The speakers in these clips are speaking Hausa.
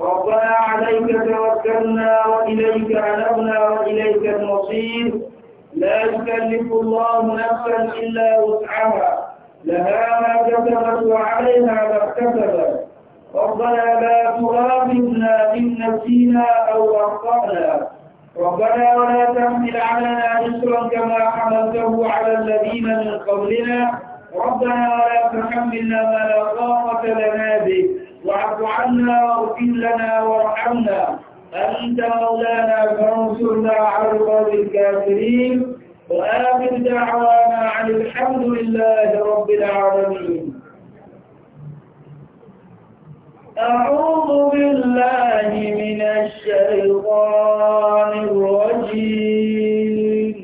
ربنا عليك توكلنا وإليك أنبنا وإليك المصير لا يكلف الله نفسا إلا وسعها لها ما كسبت وعليها ما اكتسبت ربنا لا تغافلنا إن نسينا أو أخطأنا ربنا ولا تحمل علينا إصرا كما حملته على الذين من قبلنا ربنا ولا تحملنا ما لا طاقة لنا به واعف عنا واغفر لنا وارحمنا أنت مولانا فانصرنا على القوم الكافرين وآمن دعوانا عن الحمد لله رب العالمين أعوذ بالله من الشيطان الرجيم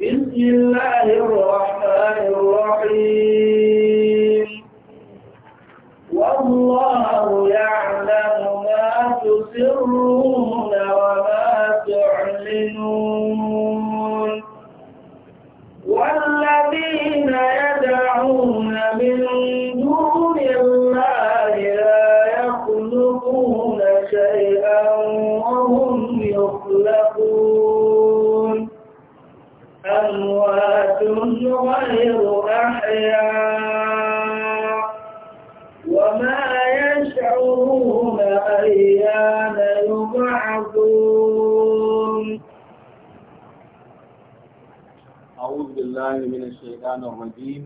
بسم الله الرحمن الله الرحيم والله يعلم ما تسرون وما تعلنون والذين يدعون من دون الله أموات غير أحياء وما يشعرون أيان يبعثون أعوذ بالله من الشيطان الرجيم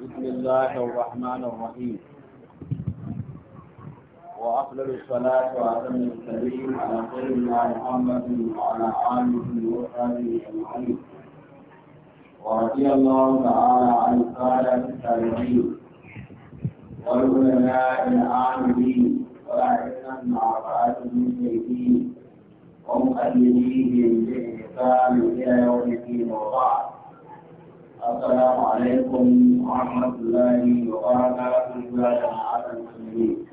بسم الله الرحمن الرحيم وأفضل الصلاة وأتم التسليم على سيدنا محمد وعلى آله وصحبه أجمعين ورضي الله تعالى عن سادة التابعين والعلماء العاملين والأئمة المعرفات المشركين ومقلديهم بإحسان إلى يوم الدين وبعد السلام عليكم ورحمة الله وبركاته يا جماعة المسلمين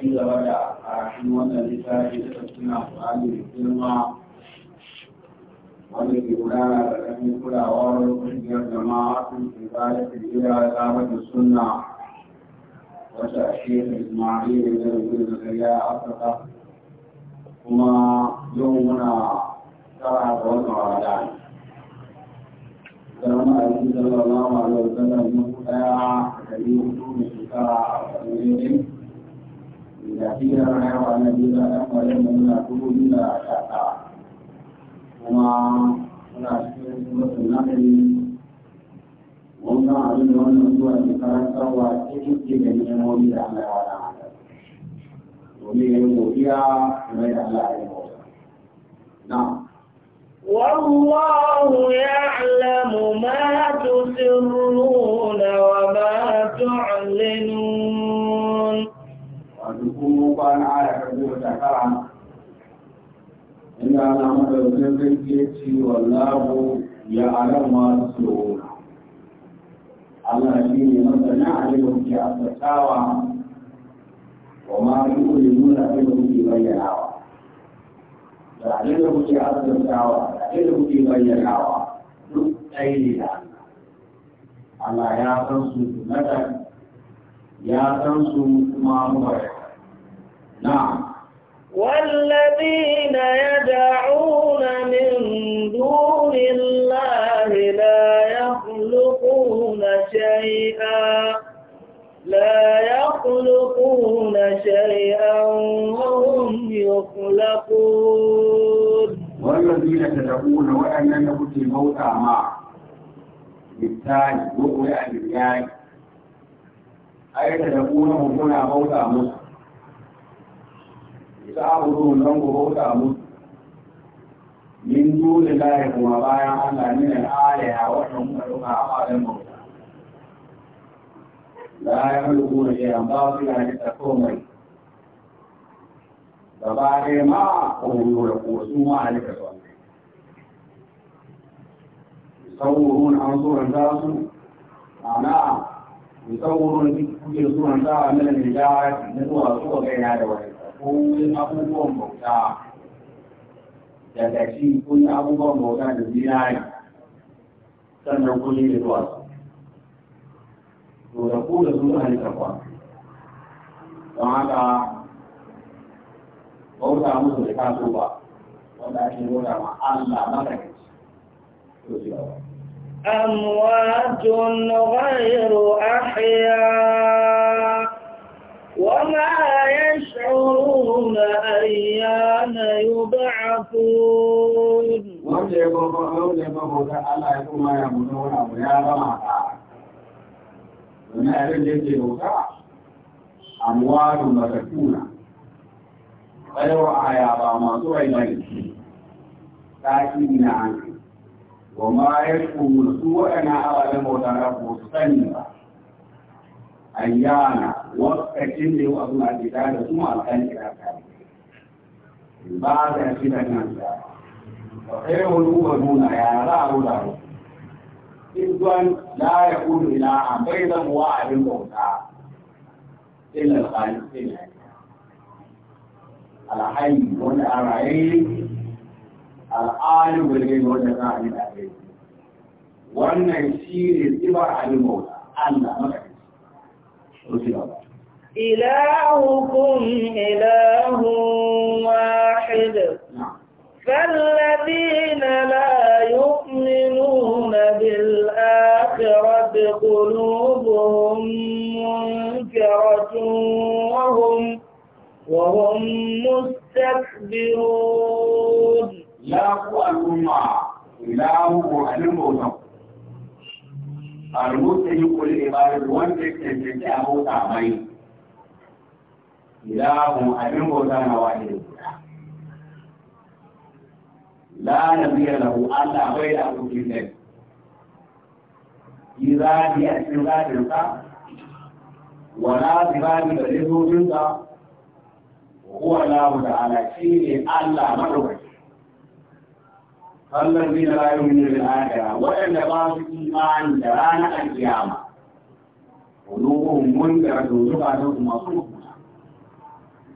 ci gaba da karatun wannan littafi da tattuna Qur'ani da girma wanda ke gudana da ƙarfin kulawar ƙungiyar jama'a sun ke bada kirkira zama da sunna wata a shekar Ismail da Zai Zakariya a Afirka kuma yau muna tara da wannan Ramadan. Zama a yi sallallahu alaihi wa sallam mun ɗaya da ɗari hudu da shekara a ƙarfin إذا قيل ما يرى الذي لا يقبل منه إلا أشاء وما ولا شيء سورة النحل wannan abin da wannan zuwa ke karantarwa cikin ke da ni'imomi da Allah ya wada mata domin yin godiya game da Allah ya yi na والله يعلم ما تسرون وما تعلنون kwana aya kan zuwa takara inda ana madaukin zai ce wallahu ya alam ma su Allah shi ne masana a yau ke asatawa wa ma yi kuli nuna kai da kuke bayyanawa da abin da kuke asatawa da abin da kuke bayyanawa duk ɗaya ne da Allah ya san su tunatan ya san su kuma mubarak نعم والذين يدعون من دون الله لا يخلقون شيئا لا يخلقون شيئا وهم يخلقون والذين تدعون وأن نبت الموت مع بالتالي وقل أهل الياي أي تدعونهم هنا موت مصر تعبدون لنكم هو تعبد من دون الله وما بايع عنا من الآلهة وحهم ملوكا أبعد الموتى لا يملكون شيئا باطلا يتقوم تباري ما قولوا لقوس ما عليك صلي يصورون أنصورا ذاته معناها يصورون في كل صورة ذاته من الهجارة نتوها صورة بين هذا أن kun abubuwan bauta daga shi kun abubuwan bauta da zinari sannan kun yi da su, to da ku da sun halitta kwa don haka bauta musu da kaso ba wanda ake bauta ma Allah makaranci to ci gaba أموات غير أحياء وما يقولون أيان يبعثون أموال ما تكون غير عيابا ما تعين تأكيدنا عنه وما يشكو سوءنا أبدا متنفس سنبا أيانا lokacin da yau abin ake tare da kuma alƙalin kira tare ba da shi da nan da ba sai wani kuma nuna ya za a ruda ru izuwan la ya kudu ila a bai zan wa abin bauta illa alƙalin illa alhayi wanda a raye al'alu wanda wanda za a yi da rai wannan shi ne tsibar abin bauta Allah maka Rufi gaba. إلهكم إله واحد نعم. فالذين لا يؤمنون بالآخرة قلوبهم منكرة وهم وهم مستكبرون لا قوة الأمة إلهكم أنبوتكم المسلم كل عباد وانتك تنتهي أبوتا عمين إلهكم أجنب وكان واحد لا نبي له ألا غير أبو إذا جاء سنغا جنقا ولا زباد بلده جنقا هو الله تعالى كيف ألا مروح الذين لا يؤمنون بالآخرة وإن بعض الإيمان جرانا القيامة قلوبهم منكرة وزقة مصروفة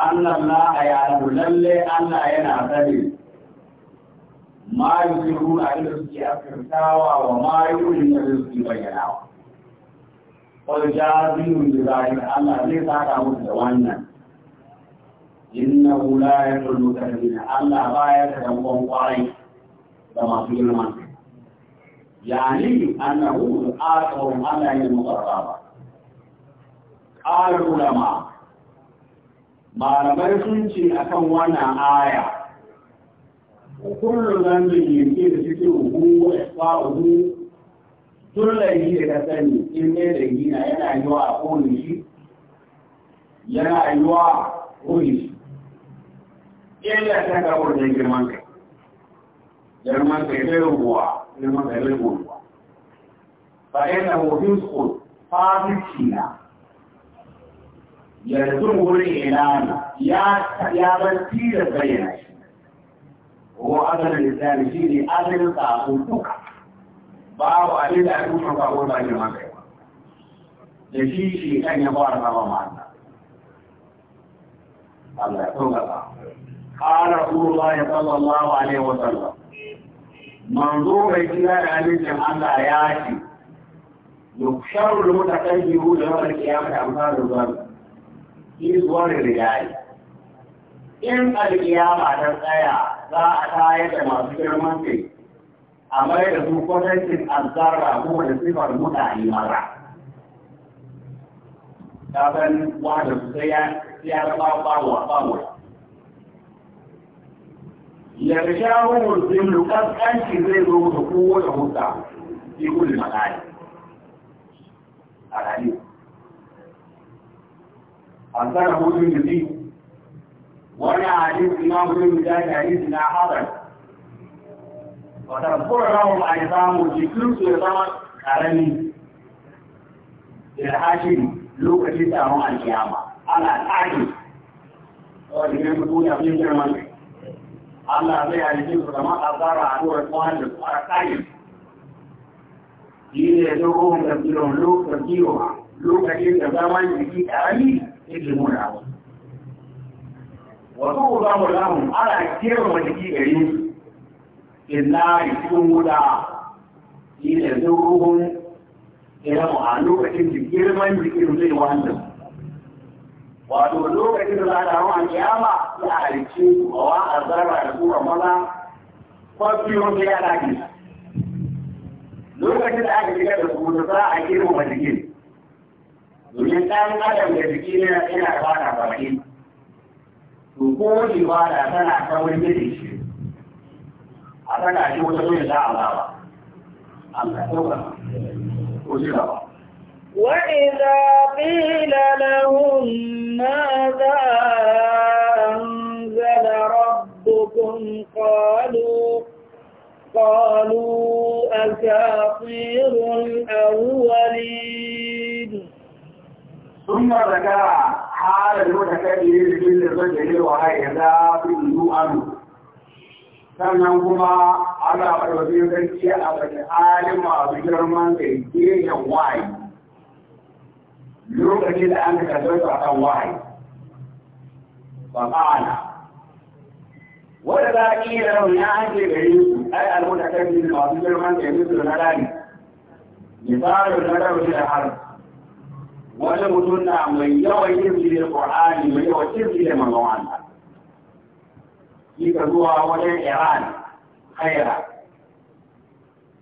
annan na a yanahu lalle Allah yana sani ma yi yiwu a inda suke afirtawa wa ma yi wuri da suke bayyanawa. Kwai ja zinu da zahir Allah zai saka musu da wannan. Inna hula ya tulu karfina Allah ba ya ta dankon kwarai da masu girman. Yani annahu al'akawun Allah ya mukarraba. Ƙarar ulama malamai sun ce akan wannan aya kullu zambin ke da cikin ruhu isfa'uhu tun laifi da ka sani in ne da gina yana yiwa a kone shi yana yiwa a kone shi illa ta ga wajen girman kai girman kai bai rubuwa girman kai bai rubuwa fa yana hofin skul fasici na يزور الإعلان يا يا بنتي البينة هو أصل الإسلام شيء أصل تعبدك باو أبيد أكون مقاول بين ما كيوا لشيء شيء كان يبار ما معنا الله يتوقع قال رسول الله صلى الله عليه وسلم منظور إجلال عليك أن لا يأتي يكشر المتكلمون يوم القيامة أمثال الظلم is one ridai in alƙiyama ta tsaya za a tayar da masu girman kai a mai da su kwatancin azzara kuma da sifar mutane mara ta ban wanda su sai ya raba bawa bawa yarsha hukun zillu kaskanci zai zo da kowace hutsa fi kulli makari a hadisi أنكره ابن جديد وأنا حديث الإمام ابن مجاهد حديث لا حضر وتذكر لهم عظام ذكرت عظام كرمي الحاشم لوكتي سامو القيامة على تعجب وإذا كنت أبين جرمان Allah zai halittu su kama a tsara a turar kwanan da kwara kayan. Shi ne ya zo kowar da biron lokacin da zaman jiki ƙarami يجمون العمل وتوضع لهم على كثير وجهي قريب في النار يكون إلى زورهم إلى معانوك إن جرما ذكر زي وأنتم wato lokacin da za a damu a kiyama ya halicce su a wa a zarra da tura maza kwafiyon da ya dace lokacin da aka shiga da su da za a girma jikin domin ɗan adam da jiki ne yana da fata baki to ko ibada tana kawai miji shi a saka shi wata zuwa za a ba Allah ɗauka ko shi ba وإذا قيل لهم ماذا أنزل ربكم قالوا قالوا أساطير الأولين ثم ذكر حال المتكبر في الرجل وهكذا كله عنه sannan kuma ana farfafin sarki a wani halin masu girman kai gehen wahayi lokacin da an ka zarta a kan wahayi ba ma'ana wanda za a iya ya hanke su ai kan masu girman yi musu na misalin na shi da harin wani mutum na mai yawan yin zirin Qur'ani mai yawan yin zirin manzon Allah shi ka zuwa wajen Iran haira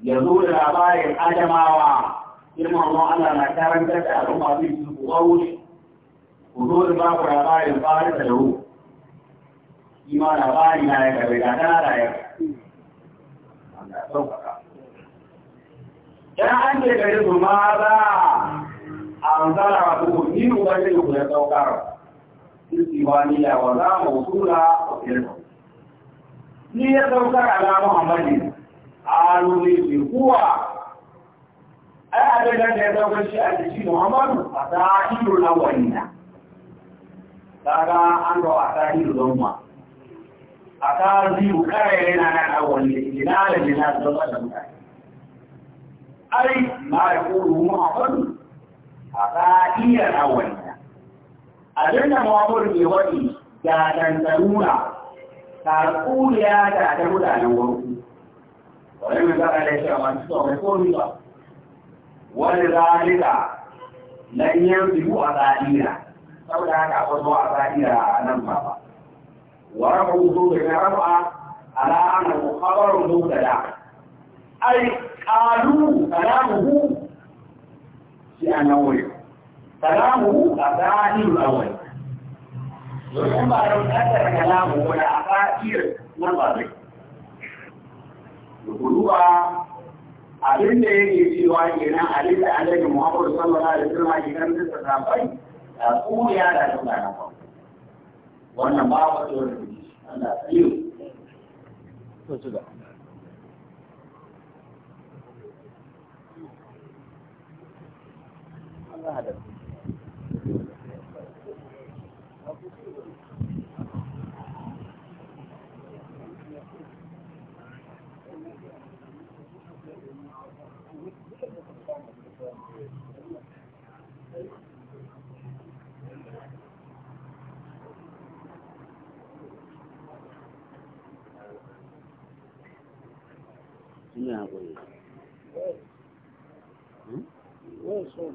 ya zo da labarin Adamawa irin manzon Allah na karantar da al'umma zai su kauri ku zo da babu labarin fara da ruwa shi ma labari na ya gabe da tana da ya Yan an ce gari su ma za أنزله من غيره يتوكر الديوانية وذا موصولة وكلمة ليتوكر على محمد قالوا لي هو أعلن أن يتوكر شيء محمد أتاكل الأولين kaga an ga wata hiru don ma a ta ziyu kare yana nan awon ne ina da jina don wata mutane ai ma ya kuru mu a kwanu a ƙa'iyar awalina abin da mawamur ke waɗi ga tantaruna tarkuriya ta ta mutanen wurku wani mai zaka da shi a masu sau mai komi ba wani zalika nan yin biyu a zalira saboda haka a wasu a zalira a nan ba ba wa rafa hudu da ya rafa ala ana kukarar mutada ai kalu kalamuhu shi a nan wuri kalamu a zahiru a wuri domin ba da kalamu wani a fa'ir nan ba zai duba abin da yake cewa kenan abin da annabi Muhammad sallallahu alaihi wasallam ke kan da da su ya da su da wannan ba wato da Allah ta halatta Ina haƙuri. Hmm? Hmm?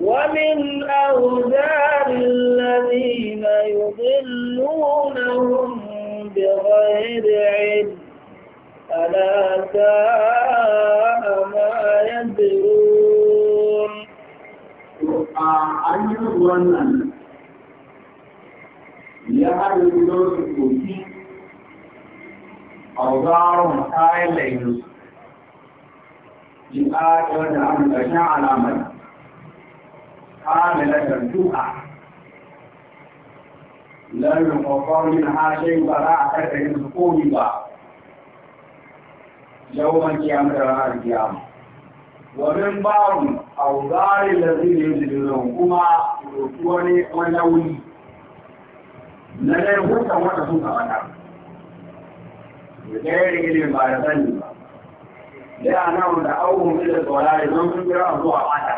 ومن أوزار الذين يضلونهم بغير علم ألا ساء ما يدرون أوزار مسائل لإنس جاءت وجعل المشاعر على مجلس hamilatan du'a lan yuqafa min ha shay'in bara akata min suqumi ba yawma qiyamati wa qiyam wa min ba'd awdari allazi yuzilun kuma yuwani wanawi na dai huta wata sun ka bana da yayin gidi ba da sani ba da ana wanda awu mun da tsawala da mun zuwa bata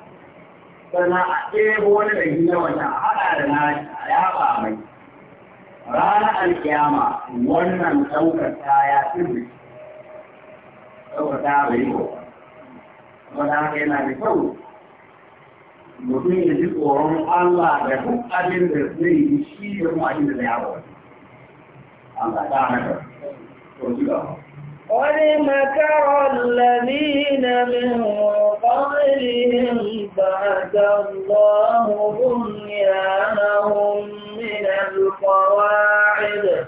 Sana a ɗebo wani da gina wata a haɗa da na a yaɓa mai ranar alkiyama wannan ɗaukar ta ya kaya sirri ɗaukar ta bai yi ba wanda haka yana da kyau mutum ya ji tsoron Allah da duk abin da zai yi shi da kuma abin da zai yawo Allah ta hana ka to ji gaba وَلِمَكَرَ الذين من قبلهم بعد الله بنيانهم من القواعد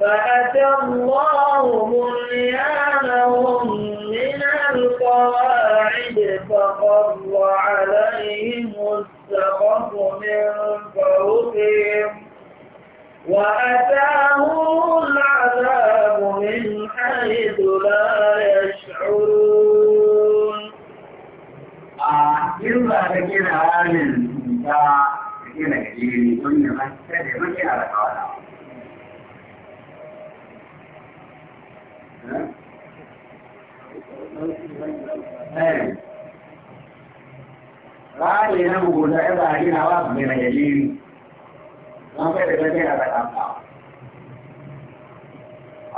فأتى الله بنيانهم من القواعد فقر عليهم السقف من فوقهم وأتاهم العذاب من حيث لا يشعرون إلا آه، تكين آمن إنتا تكين كجيني كن مكتب مكين على قوانا Ra'ayi na bugu da ɗaga ginawa mai na yajiri. don kai da gajiya da kanka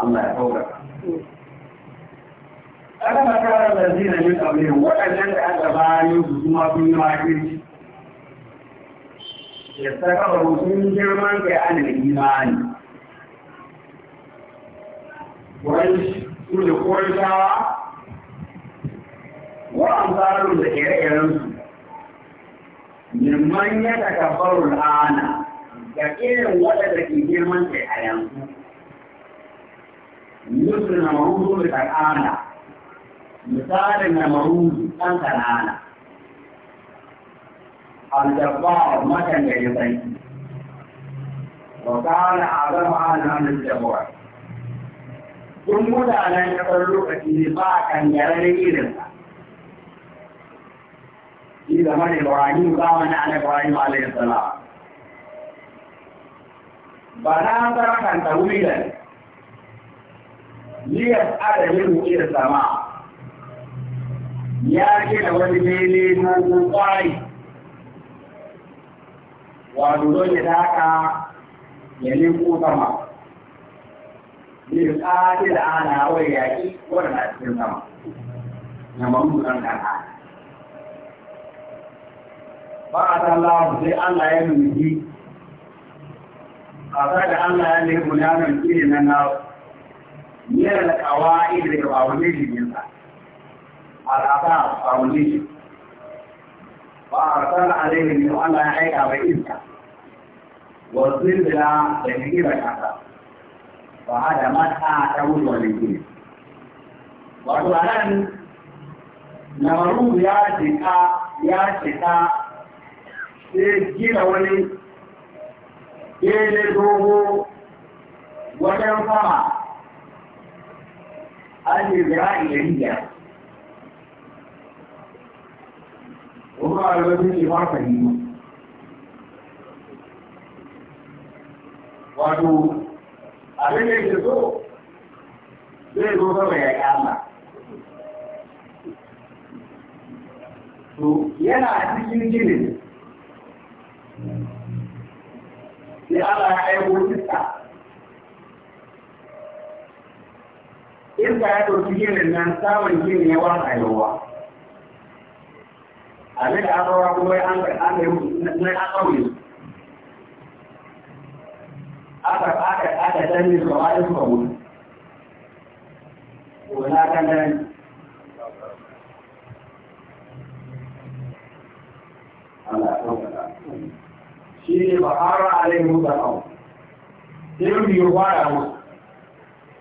Allah ya tauraka ana makarar da zina min ƙabirin waɗannan da aka bayan su kuma sun yi ya saka sun girman kai an da imani wani su da korishawa wa'an tsarin da ire-irensu mimman ya takabbarul ana ga irin waɗanda ke girman kai a yanzu Yusuf na mahudu da kan'ana, misalin na mahudu ɗan kan'ana, aljabbar matan da ya sanki, wa kana azam ala hannun jabbar. Kun mutanen kasar lokaci ne ba kan yaren irinsa. Shi zama da Ibrahim zamanin Ibrahim alaihi salam. ba na tsara kan taru ne da ni ya da sama ya ke da wani mele na kwari wato don ya daka ya ne ko sama ne ya tsara da ana wai yaki wadda na cikin sama na mamu ɗan ɗana ba a san sai Allah ya nufi أفاد الله أنه بنانا فيه من النار من القواعد الأولية منها الأعضاء الأولية وأرسل عليهم من الله حيث بإذنه والظل لتجيب الحسن وهذا ما أعتمد ولكن وأولا نمرو يا شتاء يا شتاء سيجيب ولكن daidai dogo wajen sama an yi zira'i da riya kuma a lokacin wato abin da ke zai zo to yana sai Allah ya aiko iska iska ya ɗauki na nna samun gini ya wani ayowa abin da aka an na an aka aka aka danne su ba kawo wala kan dan Allah ya kawo shi ne ba ƙara a rai mutu kawo sai biyu kwaya mu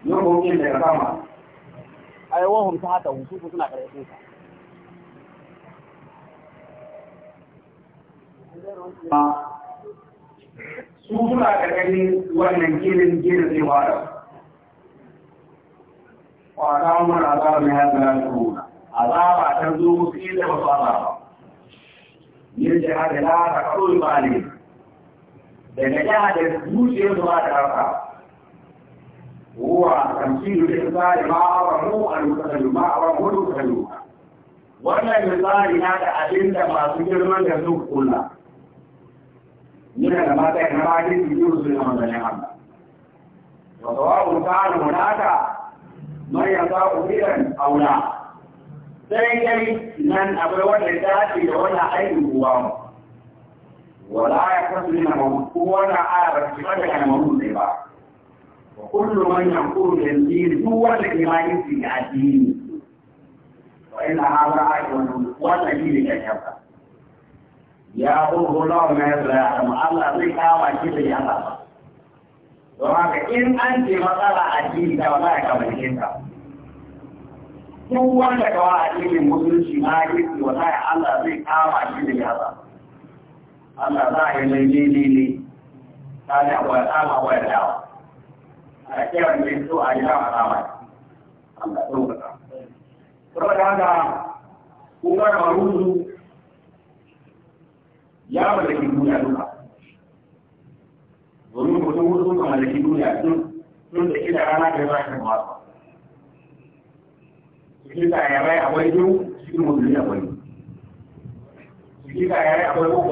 yin hukin daga sama a yi wahun ta haka hutu suna ƙarƙashin sa su suna ƙarƙashin wannan ginin ginin zai wada kwata mun azaba mai hanzara da runa azaba ta zo musu inda ba su azaba yin jihar da la ta karo ba ne daga jihar zuciyar zuwa da rafa huwa tamsilu da tsari ma awamu a lokacin ma awamu lokacin wannan misali na da abin da masu girman da su kula yana da mata na bakin su yi su da manzanin Allah wa sawa'un kana hunaka man yasa'u bidan aula sai dai nan akwai wanda ya dace da wannan aikin kuwa mu ولا يكون من المولود عارف ولا على بصفته المولود وكل من يقول للدين هو الذي ما يدري الدين وإن هذا أيضا ولا الذي يجهل يا أبو الله ما يزرع الله ذيك ما كذي الله وهذا إن أنت مسألة الدين كما كما كنت هو أنك وأدين المسلم ما يدري ولا الله ذيك ما كذي الله Allah za a yi mai lili ta ne wa tsama wa da a kiran ne so a yi da alama da ɗaukaka saboda ga kuma maruzu ya mallaki duniya duka domin mutum hudu ka mallaki duniya Sun da ina rana da za ka masu cikin tsayarai akwai biyu cikin mutum akwai cikin tsayarai akwai uku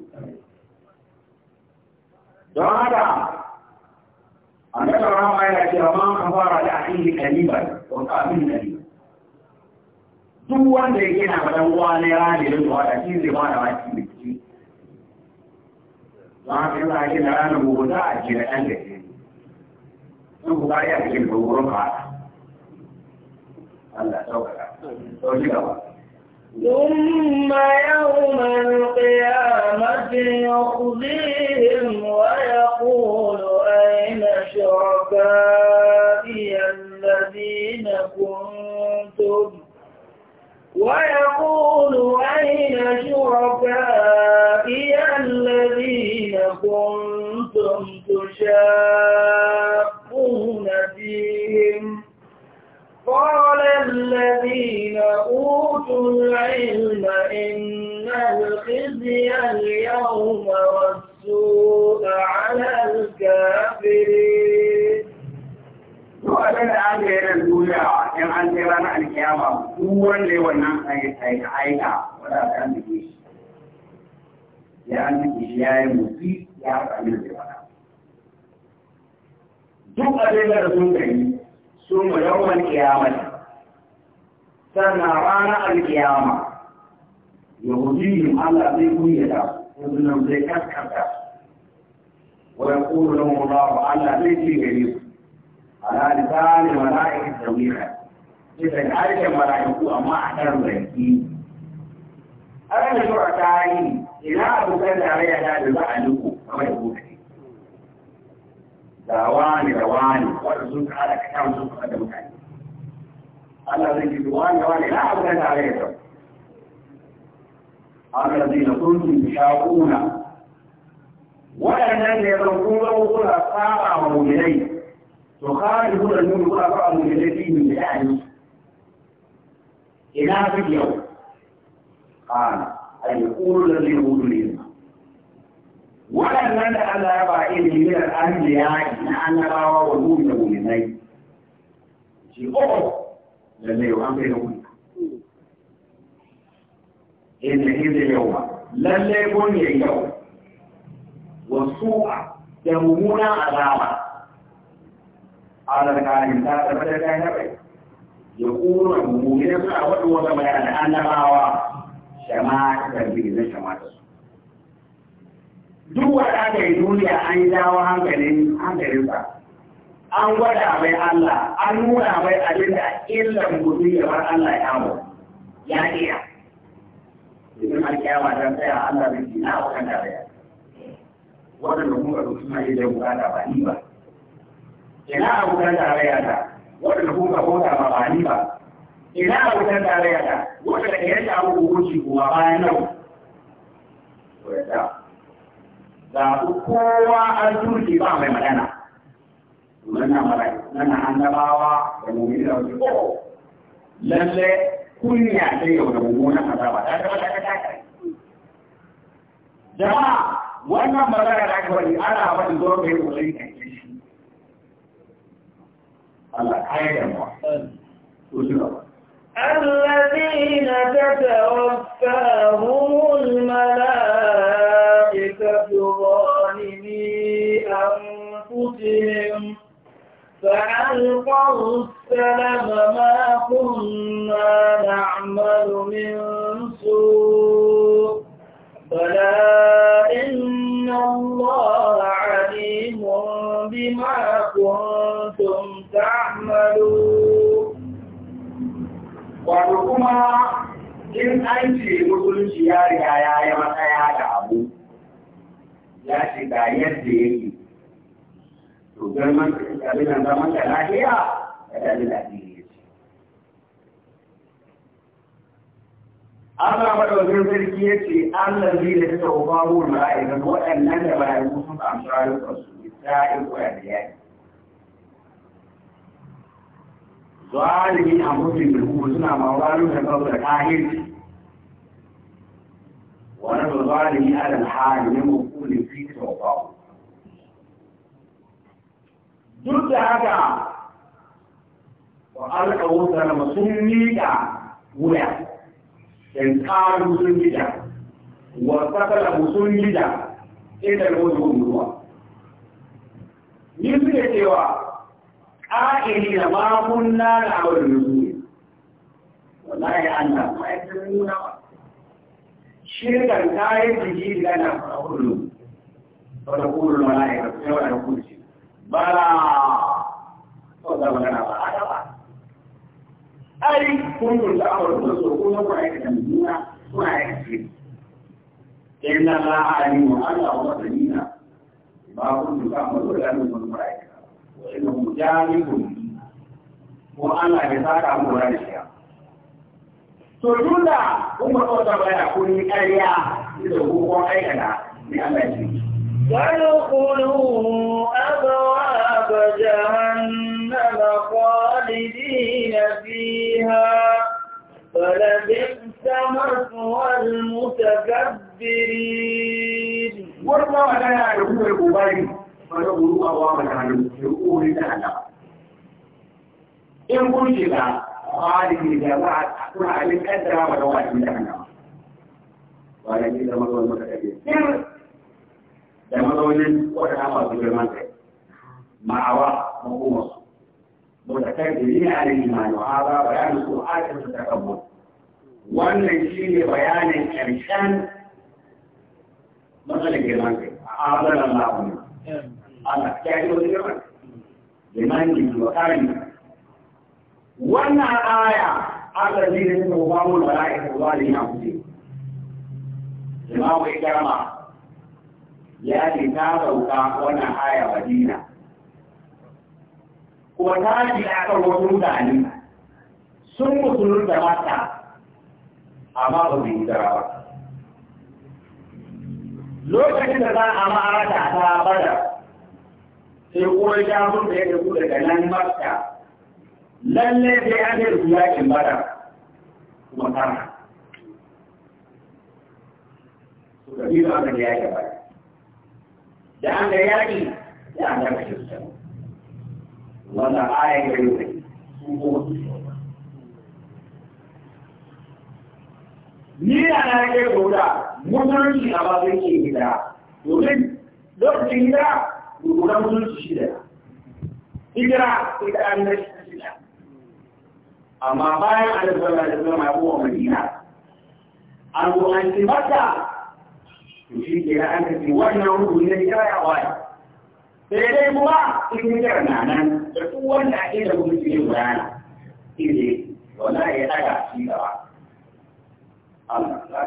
don haka annabi rama yana cewa man kafara da akhihi kaliban wa qabil kaliban duk wanda yake na madan uwa ne rani da zuwa da shi zai fara waki da shi don haka yana ake da ranar gobe za a jira ɗan da shi sun ku bari a cikin dogoron fara Allah sauƙaƙa sau shi gaba ثم يوم القيامة يخزيهم ويقول أين شركائي الذين كنتم ويقول أين شركائي الذين كنتم تشاقون فيهم قال الذين أوتوا العلم إن الخزي اليوم والسوء على الكافرين waɗanda an in an duk wanda ya shi ya shi ya ya duk da sun gani ثم يوم القيامة سنة رانا القيامة يهديهم على ذي ابن ذي كتا ويقول لهم الله على ذي كويتا على لسان ملائكة الزميرة إذا العرش ملائكة أما أحسن ذكي أنا شرع تاريخ إلى أبو كذا عليها لا ببعضكم كما يقول da wani da wani wanda sun kada ka kan sun kada mutane Allah zai ji wani da wani na abu da tare da Allah zai na kuntum shaquna waɗannan ne zan kun zama kuna saba wa mulai to kare ku da nuna kuna saba wa mulai fi min bayani ina fi yau kana ay yaqulu alladhina utul waɗannan da Allah ya ba ilimi da anbiya na annabawa wa nuni da mu'minai shi oh lalle yau an bai hukun inna hinda yau ba lalle gon ya yau wasu'a da mummuna azaba ala kanin ta tabbata da ya bai ya kuma mummuna suna waɗuwa ga bayanan annabawa shama'a ta bi da shama'a duk wanda ta yi duniya an jawo hankalin hankalinsa an gwada mai Allah an nuna mai abin da illan gudu ya bar Allah ya mu ya iya idan alkiyama ta tsaya Allah bai ji na wakan da bai wadanda kuma ga suna yi da bukata ba ni ba ina abokan tarayya ta wadanda kuma bauta ba ba ni ba ina abokan tarayya ta wadanda ke abu abubuwan shi kuma bayan nan ko ya ga kowa an turki ba mai magana wannan mara nan annabawa da mu'mini da wasu ko lalle kunya ce yau da mummunan azaba ta ga ta ta jama'a wannan magana da aka bari ana bari zo kai kokarin kai shi Allah ayyana mu to shi ba الذين تتوفاهم الملائكة أنفسهم فألقوا السلم ما كنا نعمل من سوء بلى إن الله عليم بما كنتم تعملون يا يا يا يا يا يا يا يا يا يا يا يا يا يا يا يا to girman abin nan zaman da lafiya da dalil addini Allah madaukakin sarki ya ce Allah zai da ta ubaru na ra'ayin waɗannan da bayan sun amsa rayuwarsu sa'in koya da yaƙi. Zalimin amurfin bilkuma suna mawarin da kawo da kahirci wani da zalimi alal hali ne makulin fi ta wa duk da haka wa alka wuta na sun miƙa wuya in ƙarin sun gida wa tsakala sun gida inda da wasu ruwa ni suke cewa ƙa'iri na makunna na awar nusu wallahi an na ma'aikatan nuna ba shirkan kayan jiki da na faɗa kullum faɗa kullum mala'ika sai waɗanda kullum bala ko da magana ba haka ba ai kun kun da amur da so kun ku aika da nuna ku aika ce inna la alimu ala wa tanina ba kun da amur da nan kun ku aika wa inna mujahidun ko Allah ya saka mu ran shi to tunda kun ba ta baya kun ƙarya da ku ko aika da ni Allah ya ce فادخلوا أبواب جهنم خالدين فيها فلبئس مثوى المتكبرين. والله لا يعرفون الكبائر فدخلوا أبواب جهنم يقول لنا إن كنت لا خالد جماعة كنا عليك أدرى ولو أجل جهنم. ولكن لما تقول المتكبرين da mazaunin waɗanda masu girman kai ma'awa makomarsu متكبرين على الإيمان وهذا بيان سوءات التكبر wannan shi ne bayanin ƙarshen matsalar girman kai a azan Allah ne Allah ya yi wani girman girman ne wa kare ne wannan aya Allah ne ne ta ba mu da ra'ayi ta ba da yana kuce jama'a mai karama ya ce ta sauka wannan aya madina kuma ta ji a kan wasu mutane sun musulun da mata amma ba su yi ba lokacin da za a ma'arata ta bada sai kuma ya sun da ya tafi daga nan makka lallai sai an yi su yakin bada kuma tara su da biyu aka da yakin bada da an ga yaƙi da an ga kashe su wanda aya ga yau ne su ko ni da na yake gauda mutunci a ba zai ke gida domin lokacin gida rubuta mutunci shida hijira ita an ga shida amma bayan an zama da zama ya kowa madina an zo an ce mata to shi ke na an kasi wannan rubu ne kirayawa ne sai dai kuma in kira na nan da duk wanda a inda kuma su yin bayana ile wala ya daga shi gaba Allah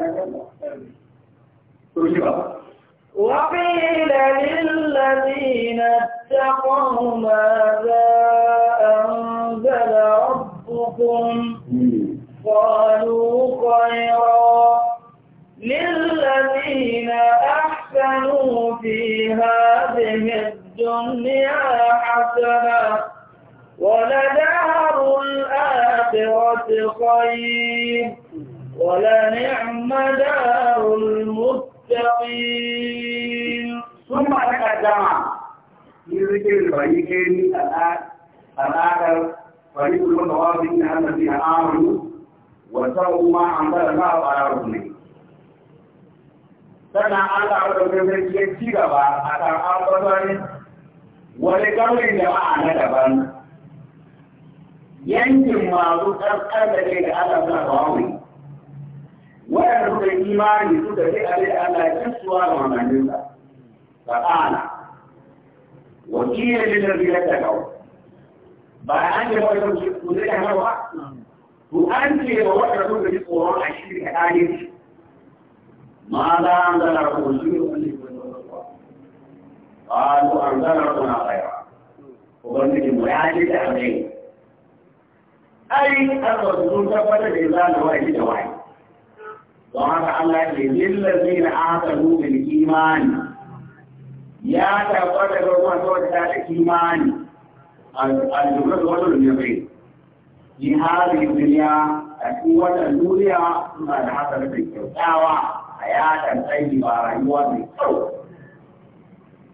to shi ba وقيل للذين اتقوا ماذا أنزل ربكم قالوا خيرا للذين أحسنوا في هذه الدنيا حسنة ولدار الآخرة خير ولنعم دار المتقين ثم تقدم يذكر الفريقين الآخر فريق المتواضعين الذين آمنوا وسووا ما أنزل الله على رسله sannan Allah wadda zai ke ci gaba a kan ambaton wani kaurin jama'a na daban yankin masu ƙasƙar da ke da Allah suna kawai waɗanda suka yi imani suka fi abin da Allah ya suwa ga mamanninsa ba ƙana wakilin da zai ta kawo ba an yi wani kuzi da hawa to an ce wa waɗanda suka ji tsoron a shirya tarihi ما لا أنزله شيء قالوا أنزل أنزلتنا خيرا وبنك مراجع تعملين أي الرسول ثبت الإنسان هو أهل جوائي وهذا الله للذين آمنوا بالإيمان يا ثبت الرسول ثبت الإيمان الجملة رجل يقين في هذه الدنيا أكون الدنيا ما حصل في الدعوة hayatan tsayi ba rayuwa mai kyau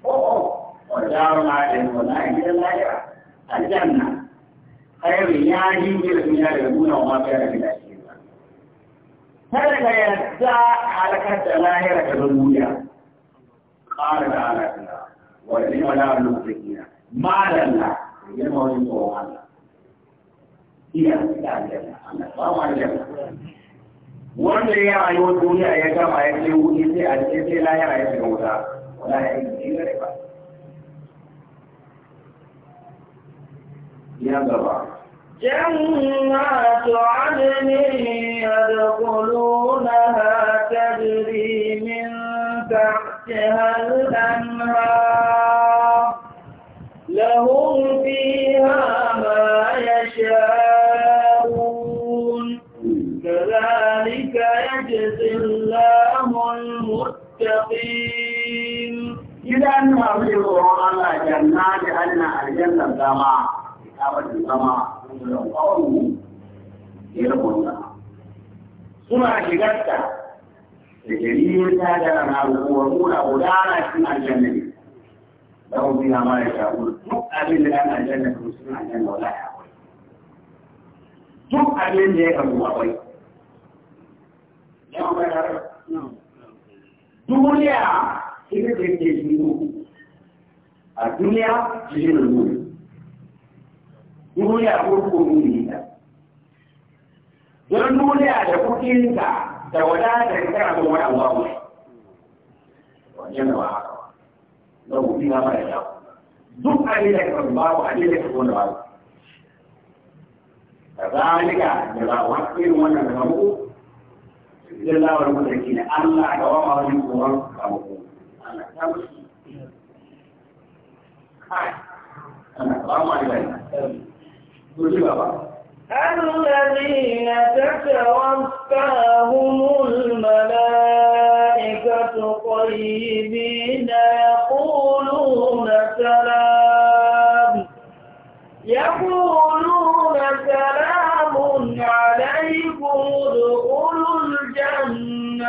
ko wajen malin wallahi gidan lahira aljanna khairu ya yi gidan ya da nuna wa mafiya da gida shi ba kada ka yadda halakar da lahira da duniya qala ta'ala wa inna la nusrikina ma lalla yana wani tsoron Allah iya da aljanna Allah ba mu aljanna wanda ya rayuwar duniya ya gama ya ce wuce sai a ce sai lahira ya shiga wuta wala ya yi ne ba ya gaba جنات عدن يدخلونها تجري من تحتها الأنهار لهم فيها ما يشاءون يجزي الله المتقين إذا نعمل على جنات أن الجنة السماء كتابة السماء قوم يربون suna shigarta da jaririn ta da na rukuwar muna gudana cikin aljanna ne da kuma biya mara shafu duk abin da ɗan aljanna kuma suna aljanna wala ya akwai duk abin da ya karu akwai duniya ita a duniya duniya don duniya da kuɗinka إلا والمدركين أن دوام من قرآن كابوكو أنا كابوكي هاي أنا كرام علينا الذين تتوفاهم الملائكة طيبين يقولون سلام يقولون سلام عليكم ادخلوا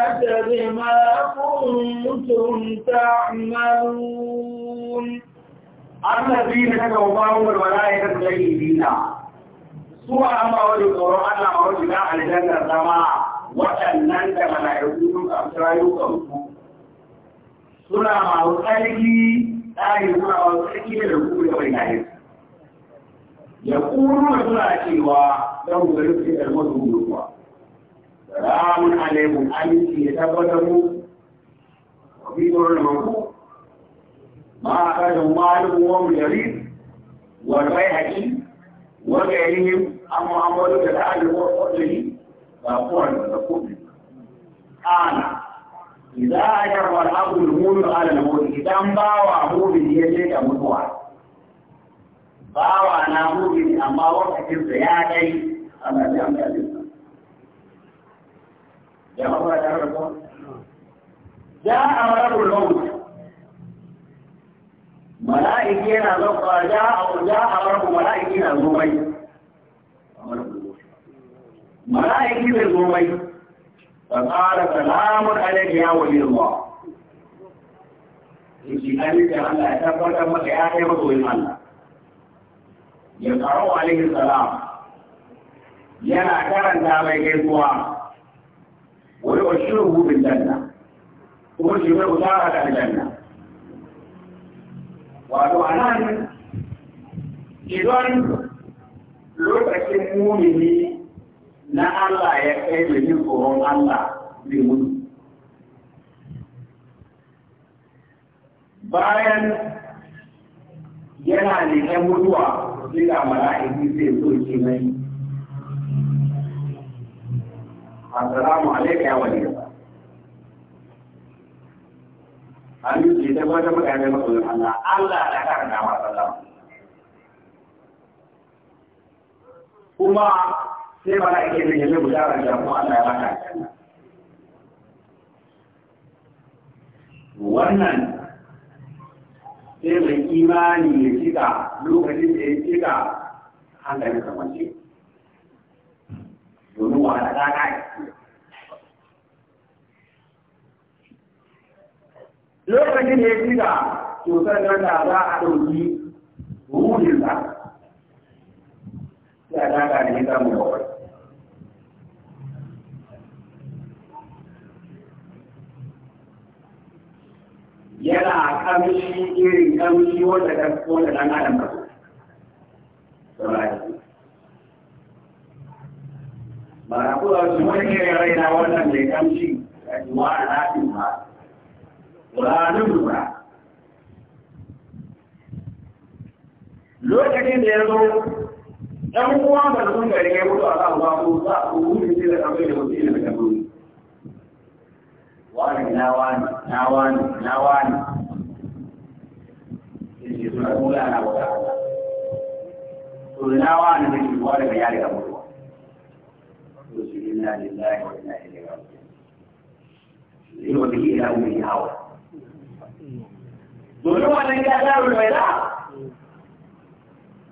الجنة بما كنتم تعملون الذين توباهم الملائكة دينا سوى أما وجه قرآن أما وجه لا الجنة سما وأننت ملائكتهم أبشرائكم سنة مع الخلقي آية سنة مع الخلقي من الكل وإن آية يقولون سنة شيئا لهم ذلك المدعو salamun alaikum aminci ya tabbatar mu wa bi durin manku ma akadun malik wa mujarid wa bayhaqi wa ghayrihim amma amalu da ta'ala wa qadri wa qawlan wa qawlan ana idza ajara al-abdu al-mulu ala al-mulu idan bawa mu'min ya je da mutuwa bawa na mu'min amma wakatin sa ya kai Allah ya amsa جاء رب الموت ملائكة نظر جاء جاء رب ملائكة نظومي ملائكة نظومي فقال سلام عليك يا ولي الله يجي أنت الله تفرد مك يا أخي رسول الله يقرأ عليه السلام ينا كرن دامي كيسوا wani ƙwashirin hubin janna kuma shi mai bishara da aljanna wato a nan idan lokacin mumini na Allah ya kai da jin Allah zai mutu. Bayan yana neman mutuwa, zai mala'iki zai so assalamu alaikum ya wani an yi ce ta kwata mutane masoyin Allah Allah da karanta ma sallama kuma sai ba na ake da yake bushara da kuma Allah ya baka wannan sai mai imani ya cika lokacin da ya cika hankalin kamar shi domin wahala ta kai lokacin da ya shiga cutar nan da za a ɗauki ruhinsa sai a daga da ya mu kawai yana kamshi irin kamshi wanda ta wanda ɗan adam ba su. ba na kuwa su wani ke raina wannan mai kamshi a juwa a nafin ba ranar lura lokacin da ya zo ɗan uwan ba sun gari ya mutu a kan ba ko za a kuma mutu da kamar da mutu da kamar wani na wani na wani na wani yake suna kula na wata to na wani da ke wani ga yare da mutu إنا لله وإنا إليه راجعون لأنه به إلى أمه هوى domin wannan ya zaru mai za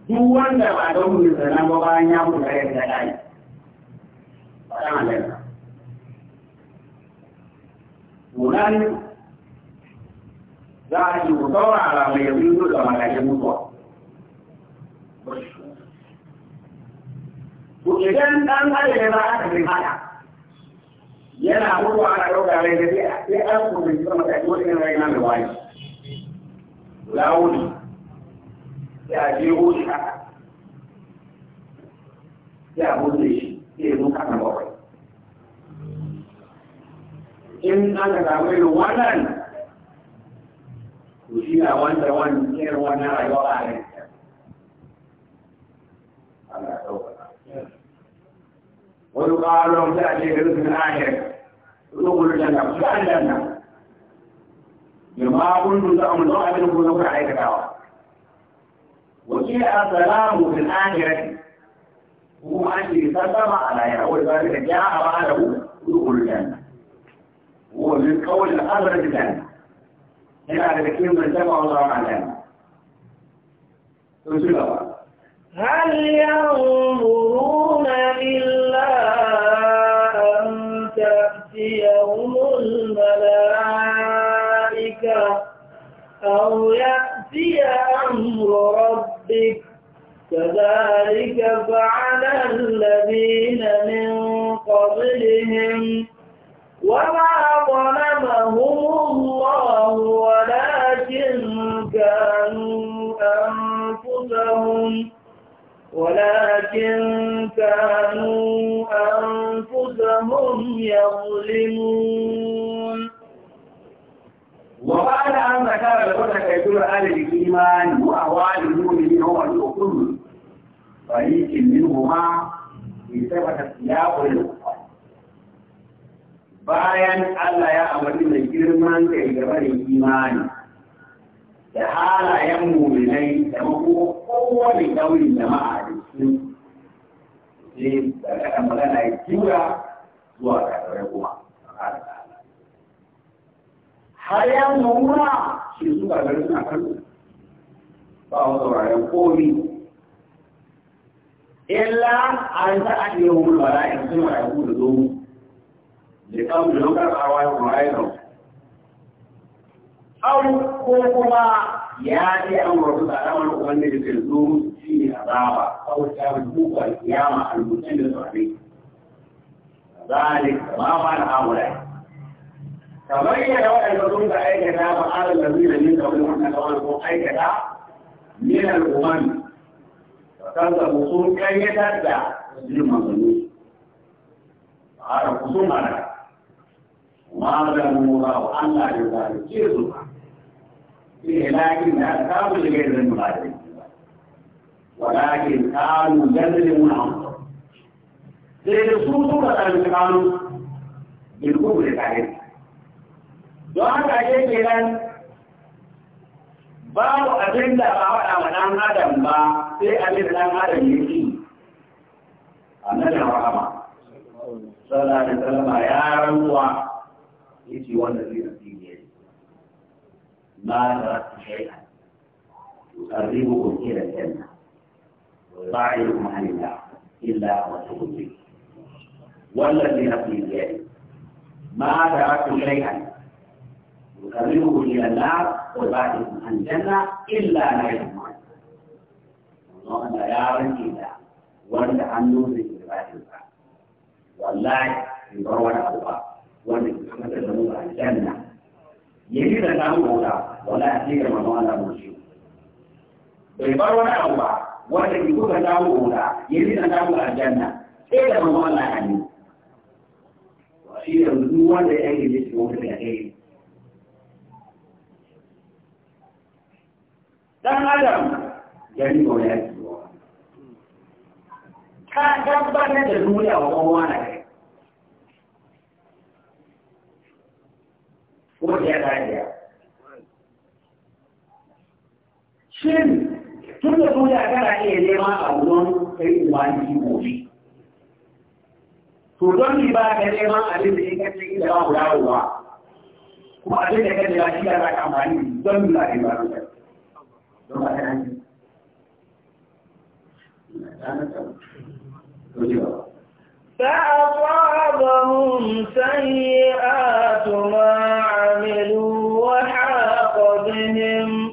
duk wanda ba don mu sana ba bayan ya kuka yadda da yi ba dan alaiya Tunan za a yi ku saurara mai yanzu da makashin mutuwa. Bush. idan ɗan arewa ba aka bin haka yana mutu ana ɗauka rai da sai an kuma yi sama kai wani rai nan da wani lawuni ya je wuri haka ya bude shi ya zo kasa bakwai in aka samu irin wannan to shi na wanda wani irin wannan rayuwa a rai ويقال لهم تأتي برزق آخر ادخلوا الجنة فعل الجنة بما قلت لهم لو أدركوا لو عليك دعوة وجيء السلام في الآخرة هو أنت يسلم على يقول ذلك جاء بعده ادخلوا الجنة هو من قول الأمر الجنة هنا تكلم من سمع الله على الجنة هل ينظرون إلا تأتيهم الملائكة أو يأتي أمر ربك كذلك فعل الذين من قبلهم وما ظلمهم الله ولكن كانوا أنفسهم ولكن كانوا أنفسهم يظلمون وبعد أن ذكر الفتح كيفية آل الإيمان وأهوال المؤمنين هو الأكل فريق منهما بسبب السياق للكفار bayan Allah يا ambaci mai girman kai gaba da imani da halayen muminai da mako kowane kauyin jama'a da su ne da kaɗan magana ya tura zuwa kakarai kuma har yan nuna shi suka gari suna kallo ba wa sauraren komi illa an ta ake yi wa mulmala in sun rayu da zo da kawo da lokar karwa ya kuma ayyukan au ko kuma ya ce an wasu tsaramar wanda da ke zo shi ne azaba au ta buka kiyama albutan da tsare zalik ma ba na amura kamar yadda waɗanda sun ka aikata ba alal da zira min kamar wannan kamar ko aikata min al'umman kansa sun kayyatar da jirman zanu a da kusur mana ma da mu ba Allah ya zalunce su ba لكن كانوا لغير المهاجرين ولكن كانوا يظلمون انفسهم ليسوسوا مثلا كانوا بالكفر كافرين don haka ake kenan babu abin da ba faɗa ɗan adam ba sai abin da ɗan adam ya ƙi a nan da rahama sallallahu alaihi wasallam ya ما تركت شيئا يقربكم إلى الجنة ويبعدكم عن الله إلا وتقول به والذي نفسي بيده ما تركت شيئا يقربه إلى النار ويبعدكم عن الجنة إلا الله وأن يعرف الا وأنت عن نور الباب والله يبرون أبواب وأنت تحمد عن الجنة يجب أن تعمل wala shi ga manzo Allah mu shi bai bar wani abu ba wanda ke kuka dawo wuta ya rika dawo aljanna sai da manzo Allah ya ne shi da duk wanda ya yi ne shi wanda ya yi dan adam gani ko ya ci ka gabatar da duniya wa kowa na kai kuma ya dace shin tun da soja kana iya neman a wurin kai ubangiji gobe to don ni ba ka neman abin da in ka ce inda ba guda dawowa kuma abin da ka ba shi da za ka amfani don ni ba ka yi ba don ba ka nan فأصابهم سيئات ما عملوا وحاق بهم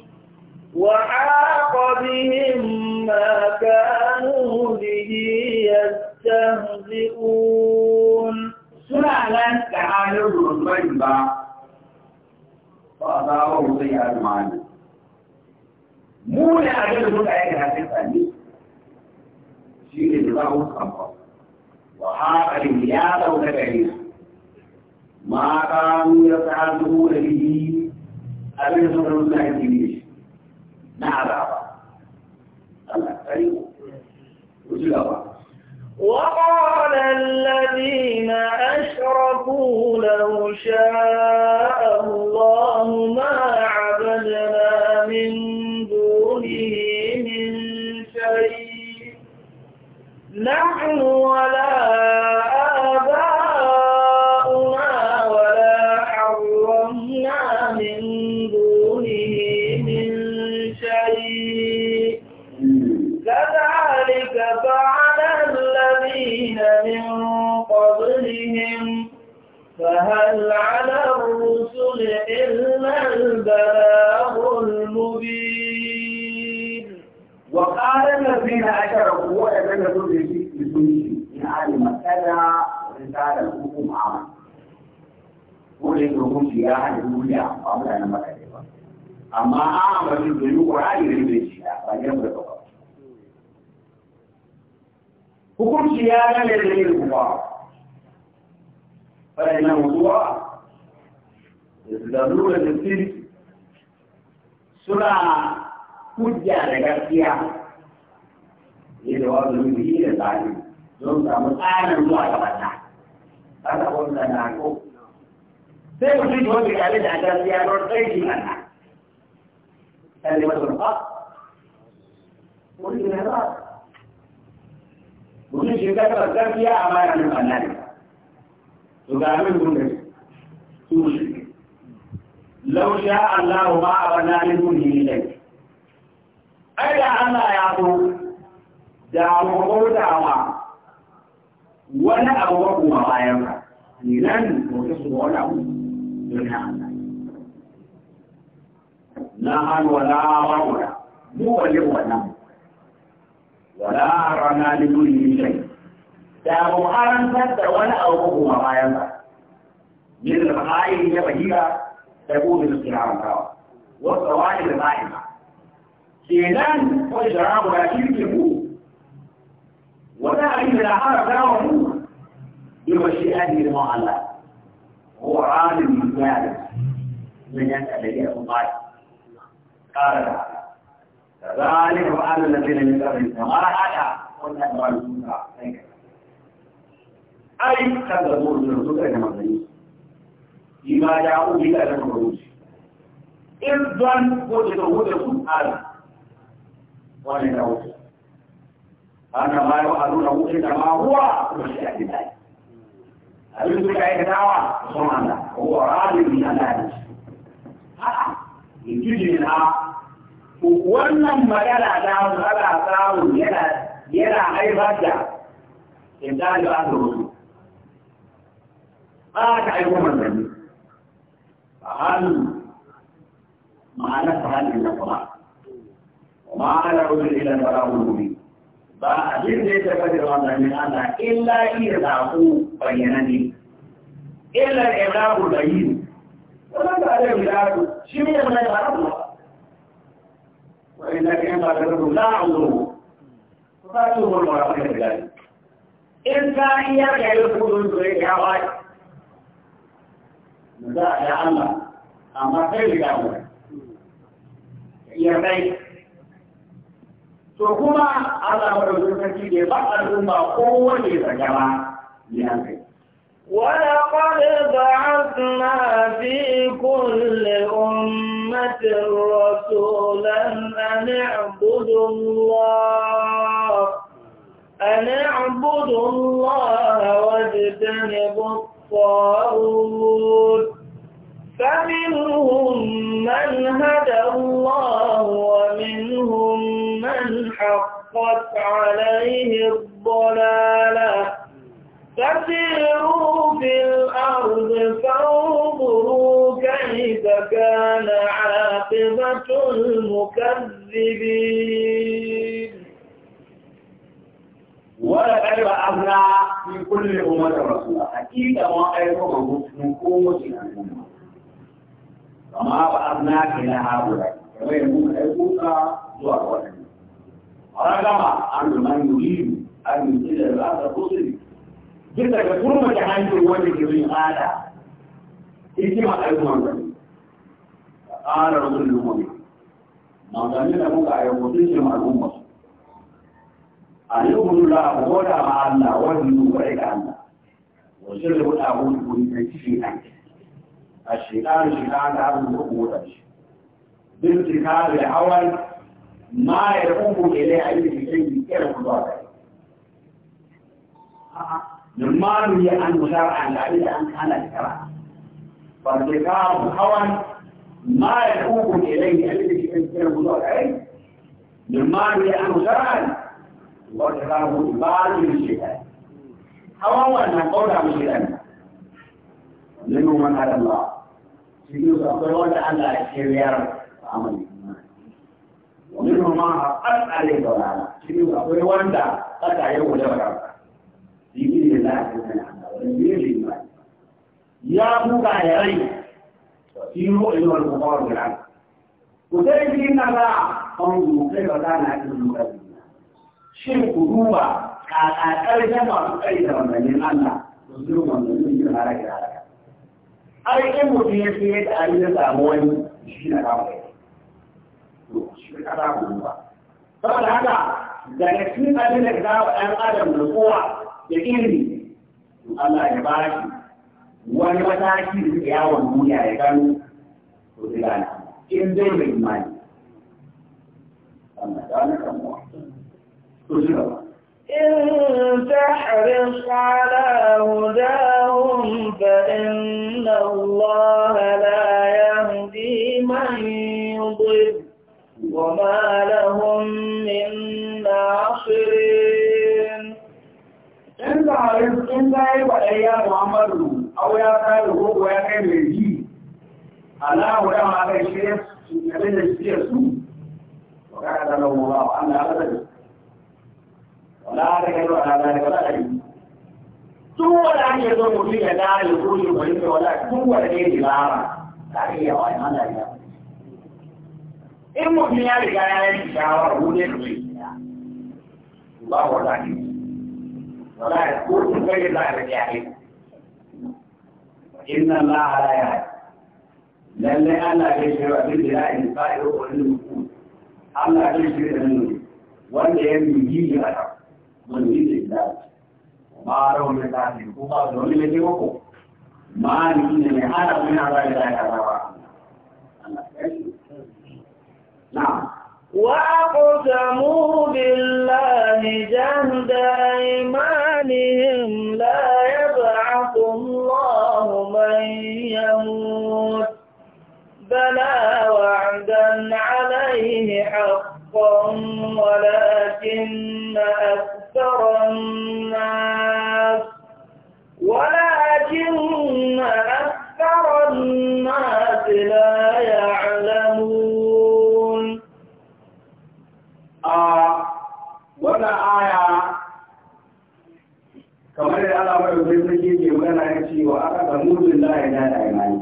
وحاق بهم ما كانوا به يستهزئون سنة لن تعالوا بالطيب فأضاعوا سيئة معنا مو لأجل متعين هذه الثانية شيء لله الخمر وحاق بهم يا ما كانوا يتعلمون به أبنهم الله مع نعم. بعض وقال الذين أشركوا لو شاء والذين أشركوا ولم يكن بسنه من أهل مكة رسالة الحكم عامة ولكن في أهل الدنيا قبل أن مكة أما أعمل الذنوب وعلي الرجل فليمر فقط حكم سياقة للذين الكفار فإن موضوع ضرورة السلك سنة حجة لغسية ya da wa domin biyi da tsari don samu tsarin zuwa ga bata ba ta wani sana ko sai mutum da wanda kare da aka siya don tsarki mana kan da wata rufa mutum ne ba mutum shi ka taɓa tsarkiya a bayan nan ɓanna ne to ga abin gudun su shi lau sha Allah ma a ɓanna ne gudun ne ai da Allah ya so da mu bauta ma wani abu ba kuma bayan ka ni nan bauta su ba wani abu don na Allah na hannu wala ma'ura mu wale wannan wala rana da duri shai da mu harantar da wani abu ba kuma bayan ka yin da ma'ayi ya bahira da gudun kirawa wasu wani da ma'ayi kenan ko jara guda kirkin ku ولا عند العرب لا هو بمشيئته المعلى هو عالم ذلك من الذي الله قال تعالى كذلك وعلى الذين من قبلهم ما أتى قلنا أمر الموسى أي كذبوا بالرسل كما قالوا بما جاءوا به أهل الرسل إذ وجدوا هدى قال ولدوا هذا ما يفعلونه إنما هو مشيئة الله أبن سكاية دعوة سبحان الله هو راض من الله in jiji na wannan magana ta tsara samu yana haifar da in dalil an da wasu ba ka aiko manzanni ba hannu ma'ana ta hannun na kuma ma ana rufin ilan bara wuri ba abin da ya tabbata da wannan Allah illa iya zaku bayyanani illa ibrahu bayyin wannan da Allah ya zaku shi ne mai baraku wa inna kan ba da la amru fa tu wal warafin bilal in ka iya ga yau kudin da ya wa da ya Allah amma sai da mu iya bai kuma Allah ba al'umma kai ولقد بعثنا في كل أمة رسولا أن اعبدوا الله أن اعبدوا الله واجتنبوا الطاغوت فمنهم من هدى الله ومنهم من حقت عليه الضلالة فسيروا في الأرض فانظروا كيف كان عاقبة المكذبين ولقد بعثنا في كل أمة رسولا حقيقة ما أيضا من قوة الأمة كما بعثنا إلى هؤلاء كما يكون أيضا زوار رجع عن من يريد أن يصل إلى الرسل جدا كل ما كان في الوجه يريد هذا إجماع الأمم قال رسول الله ما دام لم يكن يقتسم الأمة أن يؤمن الله ولا مع الله وزن وعيد الله وجرب الأقول كن تشفينا الشيطان الشيطان هذا هو الشيطان بالتكال الأول ما يقوم إليه أي شيء كان مضارع لما روي عنه شرعا لعل أن كان ذكرا فالذكر هوى ما يقوم إليه أي شيء كان مضارع لما روي عنه شرعا وذكره إبادة الشيطان هوى أن قول الشيطان منه من على الله سيدنا الله تعالى الشيطان عمله ومنهم ما حقت عليه الضلالة شنو أقول وأنت قد عليه الضلالة يجي لله سبحانه وتعالى ويجي لله يا بوكا يا ري في مؤمن والمطار بالعكس وتجي لنا انظروا كيف كان عدل المكذبين شرك قلوبا كأكثر ما تقيد من الله وظلم من الله على كذا أي إمتى يسير أن يسامون شيئا كاملا to shi kara mu ba saboda haka daga cikin abin da ga ɗan adam da kowa da ilimi Allah ya ba shi wani mataki da yawon duniya ya gano to zai gane in zai mai imani Allah ya wani kamuwa to shi gaba إن تحرص على هداهم فإن الله لا يهدي من يضل وما لهم من ناصرين إن تعرف إن تعرف يا محمد أو يا تعرف هو يا كبيري ألا ولا ما بيشير من الشيء سوء وكذا لو الله أنا أبدا ولا أتكلم على ذلك ولا أدري duk wani hanyar zo mutum ya gane ko shi fahimta wala duk wani ne da lara tare yawa ya hana ya in mutum ya riga ya yanki shawara ko dai ka zai ba wa zaɓi wala ya ko kun kai da zaɓi ya kai inna la ala ya lalle Allah bai shi wa bin da in sa'iru ko in ku Allah bai shi da nan wanda ya miji ya ta mun yi da Allah ma rawu ne ta ne ko ba dole ne ke ko ma ni ne mai hana mun ala ya ta ba Allah نعم. وأقسموا بالله جهد أيمانهم لا يبعث الله من يموت بلى وعدا عليه حقا ولكن أكثر الناس ولكن أكثر الناس لا rasulullah ya da imani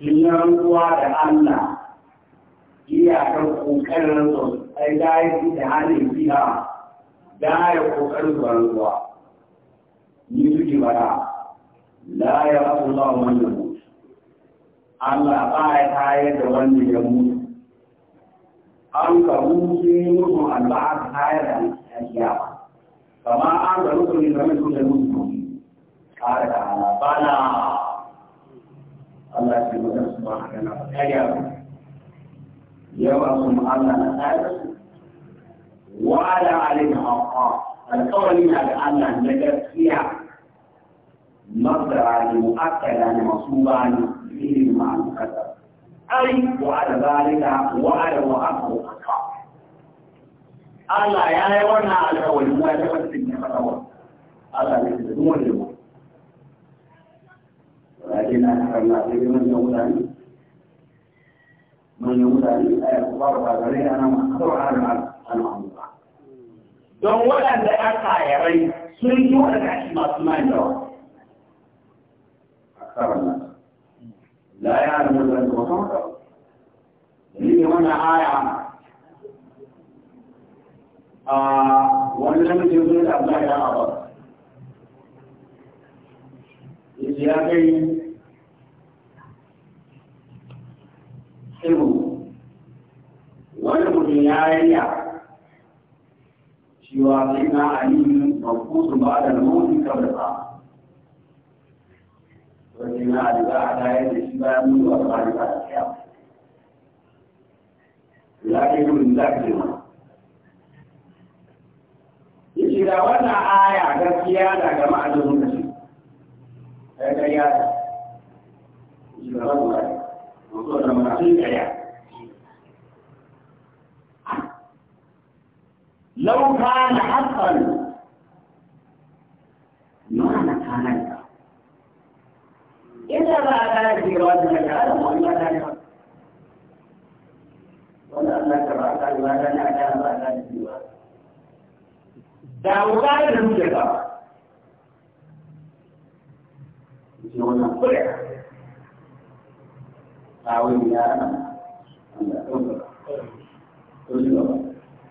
sun yi rantsuwa da Allah iyakar kokarin su ai da yi da halin fiya da ya kokarin su rantsuwa ni suke bada la ya rasu Allah wannan mutu Allah ba ya tayar da wanda ya mutu an karu sun yi mutu Allah ta tayar da kiyama kama an da rukuni kamar su da mutu قال تعالى بلى الله في مدن سبحانه وتعالى يوم الله نسال وعلى عليها حقا القول منها بأن النجد فيها مصدر مؤكدا مصوبا فيه مع المقدر أي وعلى ذلك وعلى وعلى حقا الله يا يوانا على أول ما يجب أن تكون الله يجب لكن أكثرنا في من يموتني من يموتني أي الكفار كافرين أنا مقدور على العبد أنا أمضى don waɗanda ya kayarai sun yi waɗanda ake masu man yawa a karan nan la ya da mutum da mutum da ne wannan aya a wani namijin zai da abu da ya ya kai tsibu wani mutum ya yayya cewa sai na alimin mafusu ba da nau'in kabarsa wani na aliga a tayar da shi bayan mutuwa da bayan ba da kyau ya kai gudun zafi ma da wannan aya gaskiya da gama a jirgin لو كان حقا ما كان إذا ما كان في رواية من العالم وما كان ولا أنك رأى ولا أنك رأى كان أنك رأى دعوة لا cikin wannan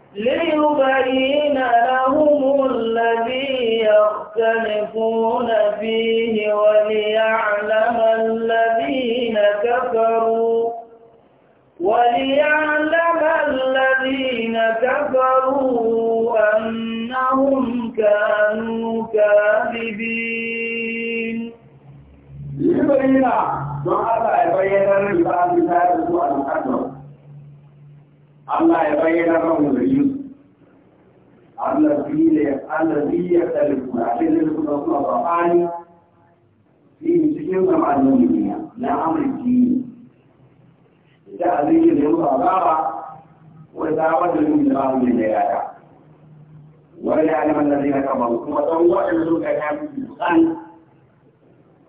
ليبين لهم الذي يختلفون فيه وليعلم الذين كفروا وليعلم الذين كفروا أنهم كانوا الذين don Allah ya bayyanar da ba su ta da su al-muqaddas Allah ya bayyanar da mu da Yusuf Allah biye Allah biye da kuma da kuma su Qur'ani shi cikin zamanin duniya na amurki da azikin da yau azaba wa da wajen min da mu da yaya wala ya alaman da zai ka ba kuma dan wa'in su ka kan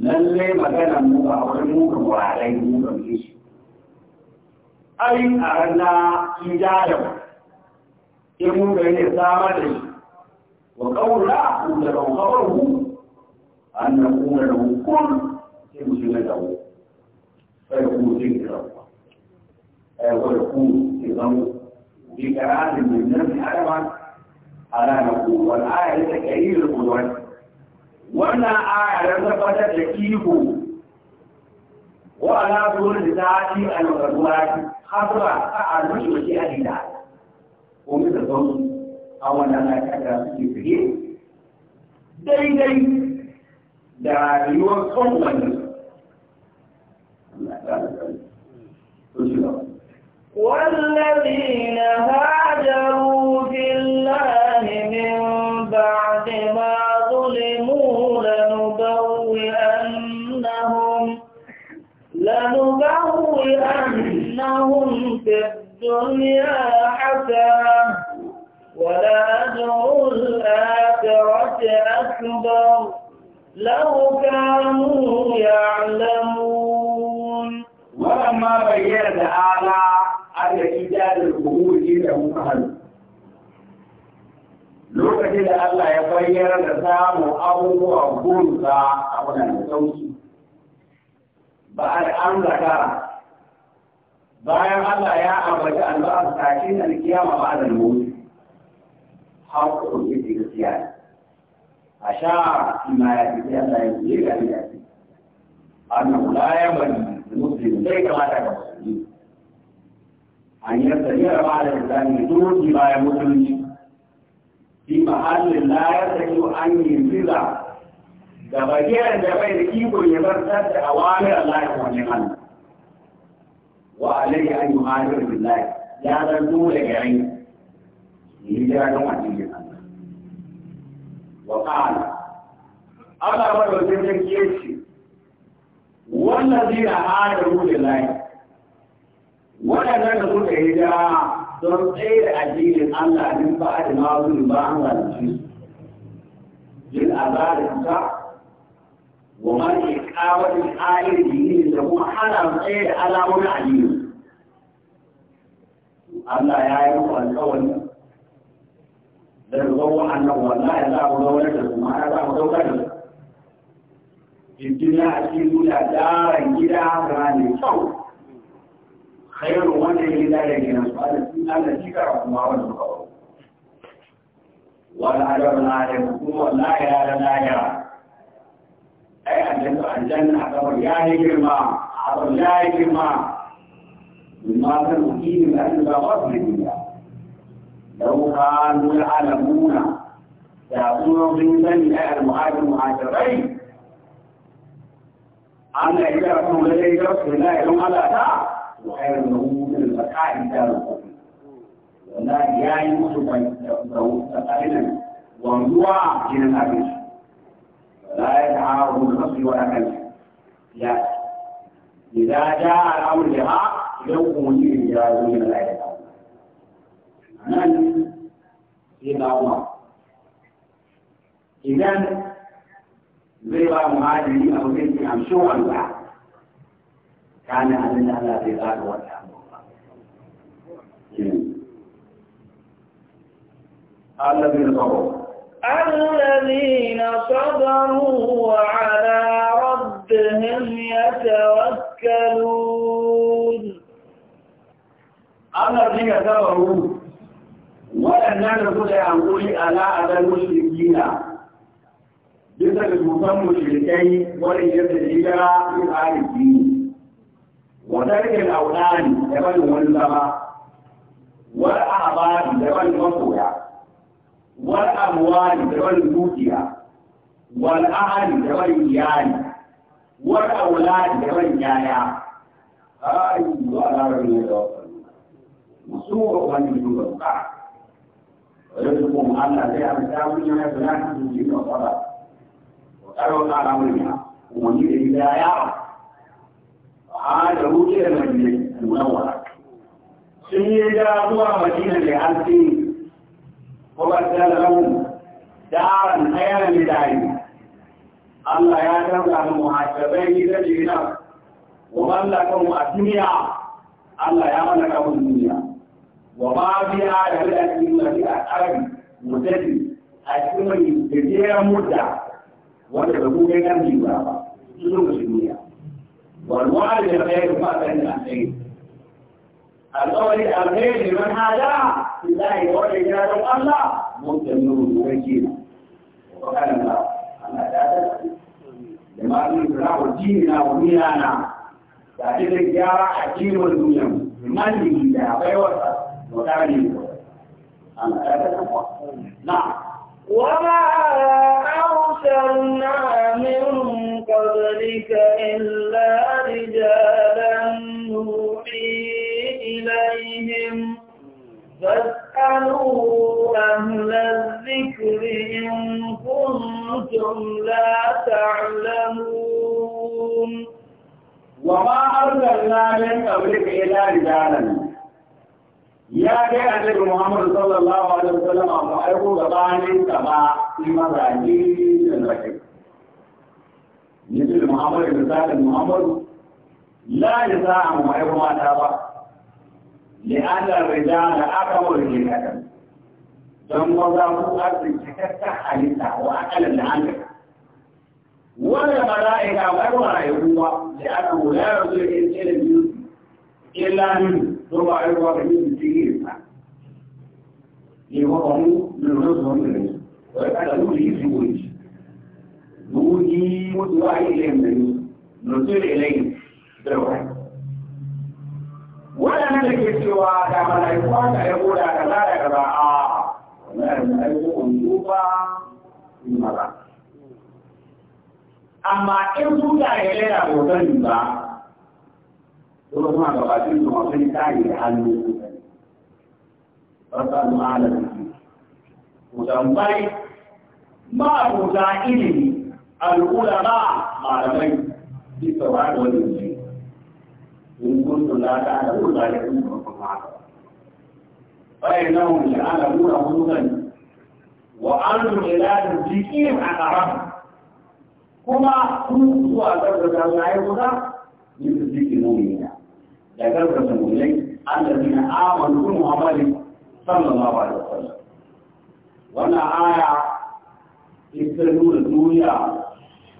lallai magana mu a wani muka warai muka shi ai a rana shi jajan in muka yi samar da shi wa kaula da kaukawar hu an na kuma da hukun sai mu shiga da hu sai ku sai ki rawa ai wa ku sai zama bi karatin min nan arama ala na ku wal ayatu kayyul qudwat wannan aya don tabbatar da ihu wa ala zuwan da ta ci a nagarwa hasuwa ta a rushe wace a gida ko mu da zon a wannan aya da suke fiye daidai da rayuwar son wani والذين هاجروا في الله لهم في الدنيا حسنة أجر الآخرة أكبر لو كانوا يعلمون ولما بين تعالى أن إيجاد القبور إلى مهل أبوه أبوه أبوه أبوه أبوه أبوه أبوه أبوه أبوه أبوه أبوه أبوه أبوه أبوه أبوه bayan Allah ya ambaci albasu tashin alkiyama ba da mutu har ku ɗauki shi gaskiya a sha ma ya yi Allah ya yi ga ni ya fi annan la ya bani ka zai kamata ga musulmi an yi tsariyar ba da islami doki bayan musulunci ma halin la ya tsari an yi zira da bagiyar da bai da iko ya zartar da awamir Allah ya wani hannu وعليه أن يهاجر بالله يا رسول يعين يجرى نوع تيجي وقال أنا أما أبو الجنة كيشي والذين هاجروا لله ولا نقول إذا ترقي أجيل الله من بعد ما أقول ما هو الجيل للأبار الساعة ومن إقاوة الحالي إيه؟ الدين إذا هو حالا غير على من أجيل Allah ya yi muku alƙawari da zuwa wa'annan wallahi za mu zaunar da su ma'ana za mu zaunar da su الدنيا أكيد دارا إلى عمران الصوت خير وجه لذلك نسأل التي كرهما والمقر والعجب العالم هو لا يرى لا يرى أي الجنة الجنة أقول يا هجرما أقول يا هجرما لماذا كانوا فيه من أجل غضب الله لو كانوا يعلمون يعطون ضمن المعاد المهاجرين أن إجابتهم لدي رسول الله لهم على ذا وخير له من البكاء دار والله يا يوسف تقريبا وانزوع من الأبيض لا يتعارض بالنصر ولا كلمة لا إذا جاء الأمر لها يوم يجازون العباد من سيدنا عمر إذا زي بقى مهاجرين أو بنتي أمشوا عن بعض كان أن لا رضا والحمد الذين صبروا الذين صبروا وعلى ربهم يتوكلون Allah ne ya zaba ru waɗannan da suka yi hankuri ala adal mushrikina bisa ga tutan mushrikai wani yadda jira yin arziki wata rike launani da bani wani zama wal ahbab da bani masoya wal amwal da bani dukiya wal ahli da bani iyali wal aulad da bani yaya ai wa ala rabbi مصورة من المتوقع ويذكرهم أن لديها مساوية فلا تزيد الصلاة وقالوا تعالى منها ومن الهداية وعاده إلى المدينة المنورة سيدا هو مدينة لألفين وبدل لهم دارا خيرا لدارهم الله يا ترى المحاسبين تجينا ومن لكم الدنيا الله يا من لكم الدنيا وما بها لبدا كلمة في أسعار مرتدي أسعار تجير مدة وتبقوا بين جيبا سلوك الدنيا والوالد الخير ما بين الخير الأول الخير لمن هذا لله ورجال الله مؤمن وكيل وقال الله أنا لا لما يقرأ ديننا وميلانا تعتبر زيارة الدين والدنيا من دين الله بيوصل نعم وما أرسلنا من قبلك إلا رجالا نوحي إليهم فاسألوا أهل الذكر إن كنتم لا تعلمون وما أرسلنا من قبلك إلا رجالا ya kai annabi Muhammad sallallahu alaihi wasallam amma ai ko gabanin ka ba shi mazaji da rakai yadda Muhammad da sallallahu Muhammad la yasa amma ai ko mata ba li anna rijal akamu rijal dan maza ku arziki kakka halitta wa akalan da an wala malaika wa mala'iku ba li anna la yuzil illa min 都把这个给你注意一下。以后我们能做什么呢？我看到努力是问题，努力我主要一点能，能做点累，对吧？waɗannan da ke cewa da malaiku da ya goda da za da gaba a wannan malaiku wani ba in maza amma in su da ya lera hoton ba ثم ما بقاتل معصين تاني لحل رسال أعلى الدين وسنبري ما مسائله العلماء معلمين في التوراة والإنجيل إن كنتم لا تعلمون ذلك منكم معكم فإنهم يعلمون هدوءا وأنتم إلى تزكيهم أقرب كما كنتم أدرك الله يقول من تزكي da gargasa mulai allazi na amanu muhammadin sallallahu alaihi wasallam wannan aya ita nuna duniya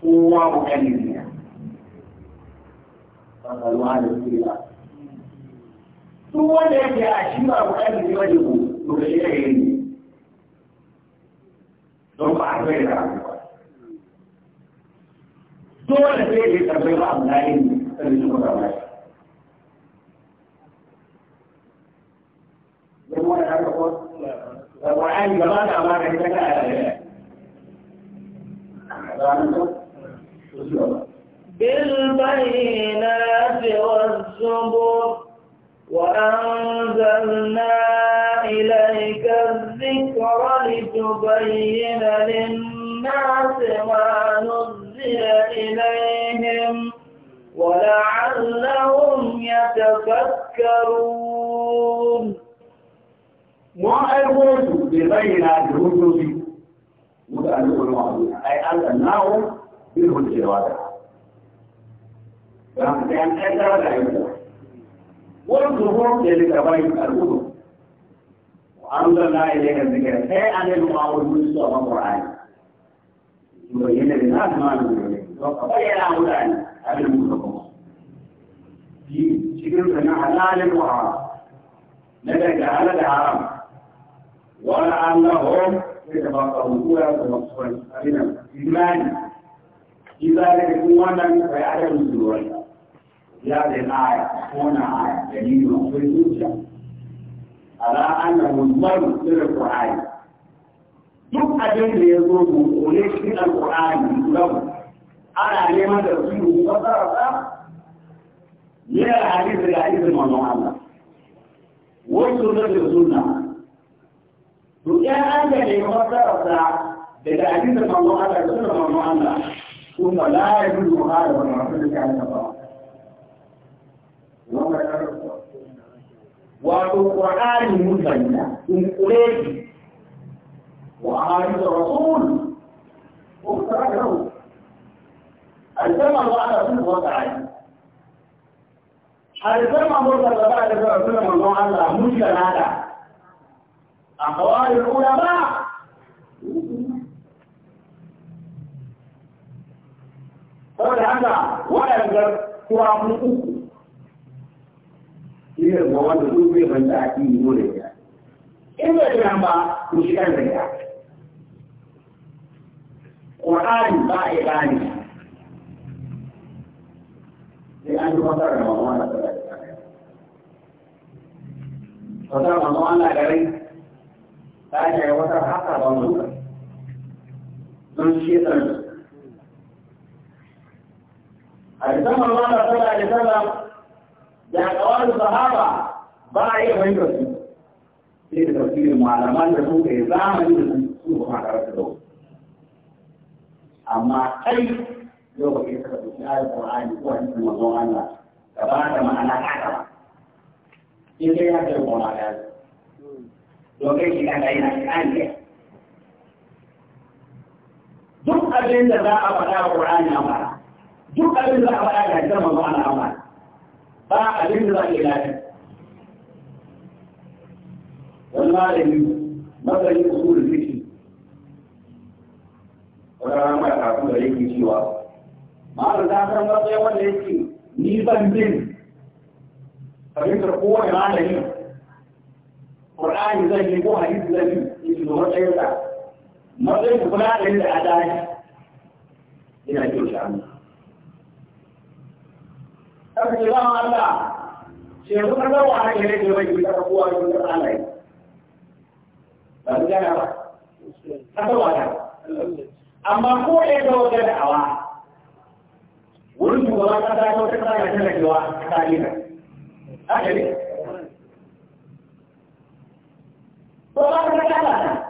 kowa bukanin ne fasalu ala sirra duk wanda yake a shi ba bukanin ne wajen ku to da ita yi don ba a zai da dole sai da ya karbi ba a zai da ya karbi بالبينات والزبور وأنزلنا إليك الذكر لتبين للناس ما نزل إليهم ولعلهم يتفكرون mun aiko su bai bayyana da hujjoji muka aiko wani wa'azi ai Allah nawo bil hujjewa da dan sai an aikata da yau wani zuwa da ya bayyana al'udu وأنزلنا إليك الذكر شيئا لنقاوم المسلم القرآن يبين للناس ما نزل وقبل هؤلاء أهل المسلمين في شكل أن حلال وحرام لدى جهالة حرام ولعلهم يتفقهون ويتبصرون أبدا إيمان إذا لم وانا فيعلم الزوال يا للآية ko آية دليل في الزوجة على أنه المرء من القرآن duk abin da ya zo mu kone shi alƙur'ani lau ana neman da su yi fasararsa ne da hadisi da hadisi manzon wasu da sunna Duka an da ke fasararsa daga hadisin manzo Allah da sunan manzo Allah kuma la ya yi duha da masu da kan ba. Wato Qur'ani mutanna in kureki wa hadith rasul ukhtaru الزمن على كل وضع الزمن مرتبط على كل وضع مش هذا أقوال العلماء قول طيب هذا ولا يقدر ترى إيه من إذا يعني. يعني. المواد الأولى من تأتي مولدها إذا كان مشكلة لها قرآن بائعاني لأنه مصر رمضان فصار رمضان على غير كان يوتر حتى بمنظورا من شيطان أجسام الله صلى الله عليه وسلم يا قوال الصحابة باعي وينكسي في تفسير المعلمان رسول إزامن إيه؟ رسول ما كرسلوه amma kai lokacin suka fi shi ayar Qur'ani ko hadisin manzon Allah gaba da ma'ana haka ba in dai ya kai gona da domin shi da yana kariya duk abin da za a faɗa wa Qur'ani a fara duk abin da za a faɗa ga jama'a ba a fara ba abin da za a yi lafiya wani malami matsayin usul fiqh wani rama da kafin da yake cewa malam ta san matsayin wanda yake ni ban bin fahimtar kowane malami Qur'ani zan yi ko hadisi zan yi shi zo matsayin sa matsayin ku kula da yadda adalci ina kyau shi amma kaka ce zama Allah ce yanzu ka zama wani ne ke bai kuka kowa ne kuka Allah yi ba su gana ba ka zama da amma ko ɗaya ga wata da'awa wurin shugaban kasa ta wata kasa ga talakewa ta ne ka haka ne وقال لك هذا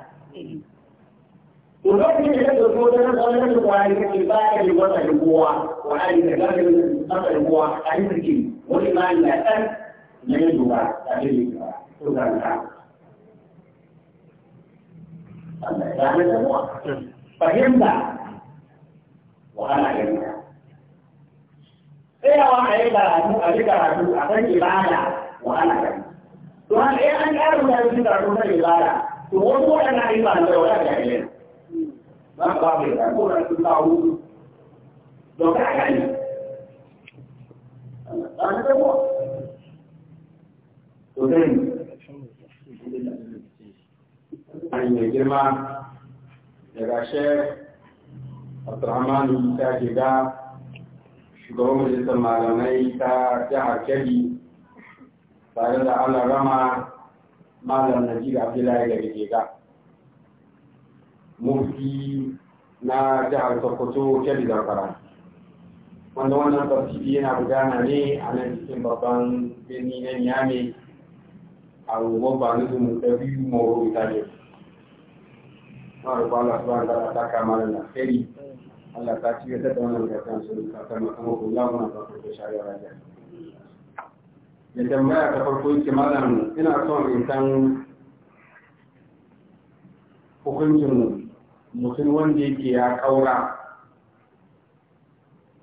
وكان يقول لك أنا أعرف الباقي الوطن القوة وأعرف الباقي الوطن القوة أعرف الكل والإيمان لا تن من الجوع أجل سبحان الله هذا هو فهمت وأنا فهمت tsayawa a yi karatu a yi karatu a kan ibada wa ana gani to har ɗaya an ƙara mutane sun karatu na ibada to wasu waɗanda an yi ba da wata jahilin ba ba bai ka ko da sun kawo hudu don ka gani ba na ko to dai an yi girma daga shek Abdurrahman ta shiga shugaban majalisar malamai ta jihar Kebbi tare da alarama malam najib abdullahi da rigega mufti na jihar sokoto kebbi zamfara wanda wannan tafsiri yana gudana ne a nan cikin babban birni na niyame a rubar mu da biyu moro italiya na rubar allah su ba da ta kama da alheri allah ta ci gata da wannan gasan sun kasa makamako lamunan kafin da shari'a rajin da tambaya ta farko yake malam ina son in san hukuncin mutum wanda yake ya kaura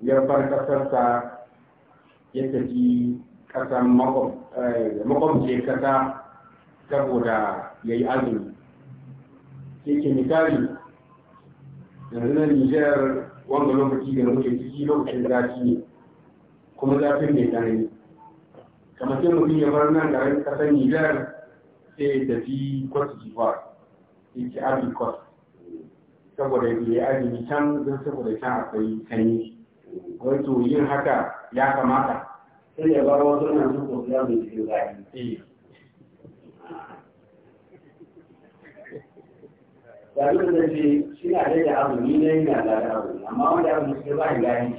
ya bar kasarsa ya tafi kasar makwabce eh, kasa saboda ya yi azumi sai ke misali yanzu na nijar wanda lokaci da muke ciki lokacin zafi ne kuma zafin mai tsanani kamar sai mutum ya bar nan garin kasar Nijar sai da fi Cote d'Ivoire yake Abin Cote saboda ya azumi can don saboda can akwai sanyi wato yin haka ya kamata sai ya bar wasu nan su ko ya mai cikin zafi eh. da duk da ce shi na da da abu ni ne yana da abu amma wanda abu ne ba ya yi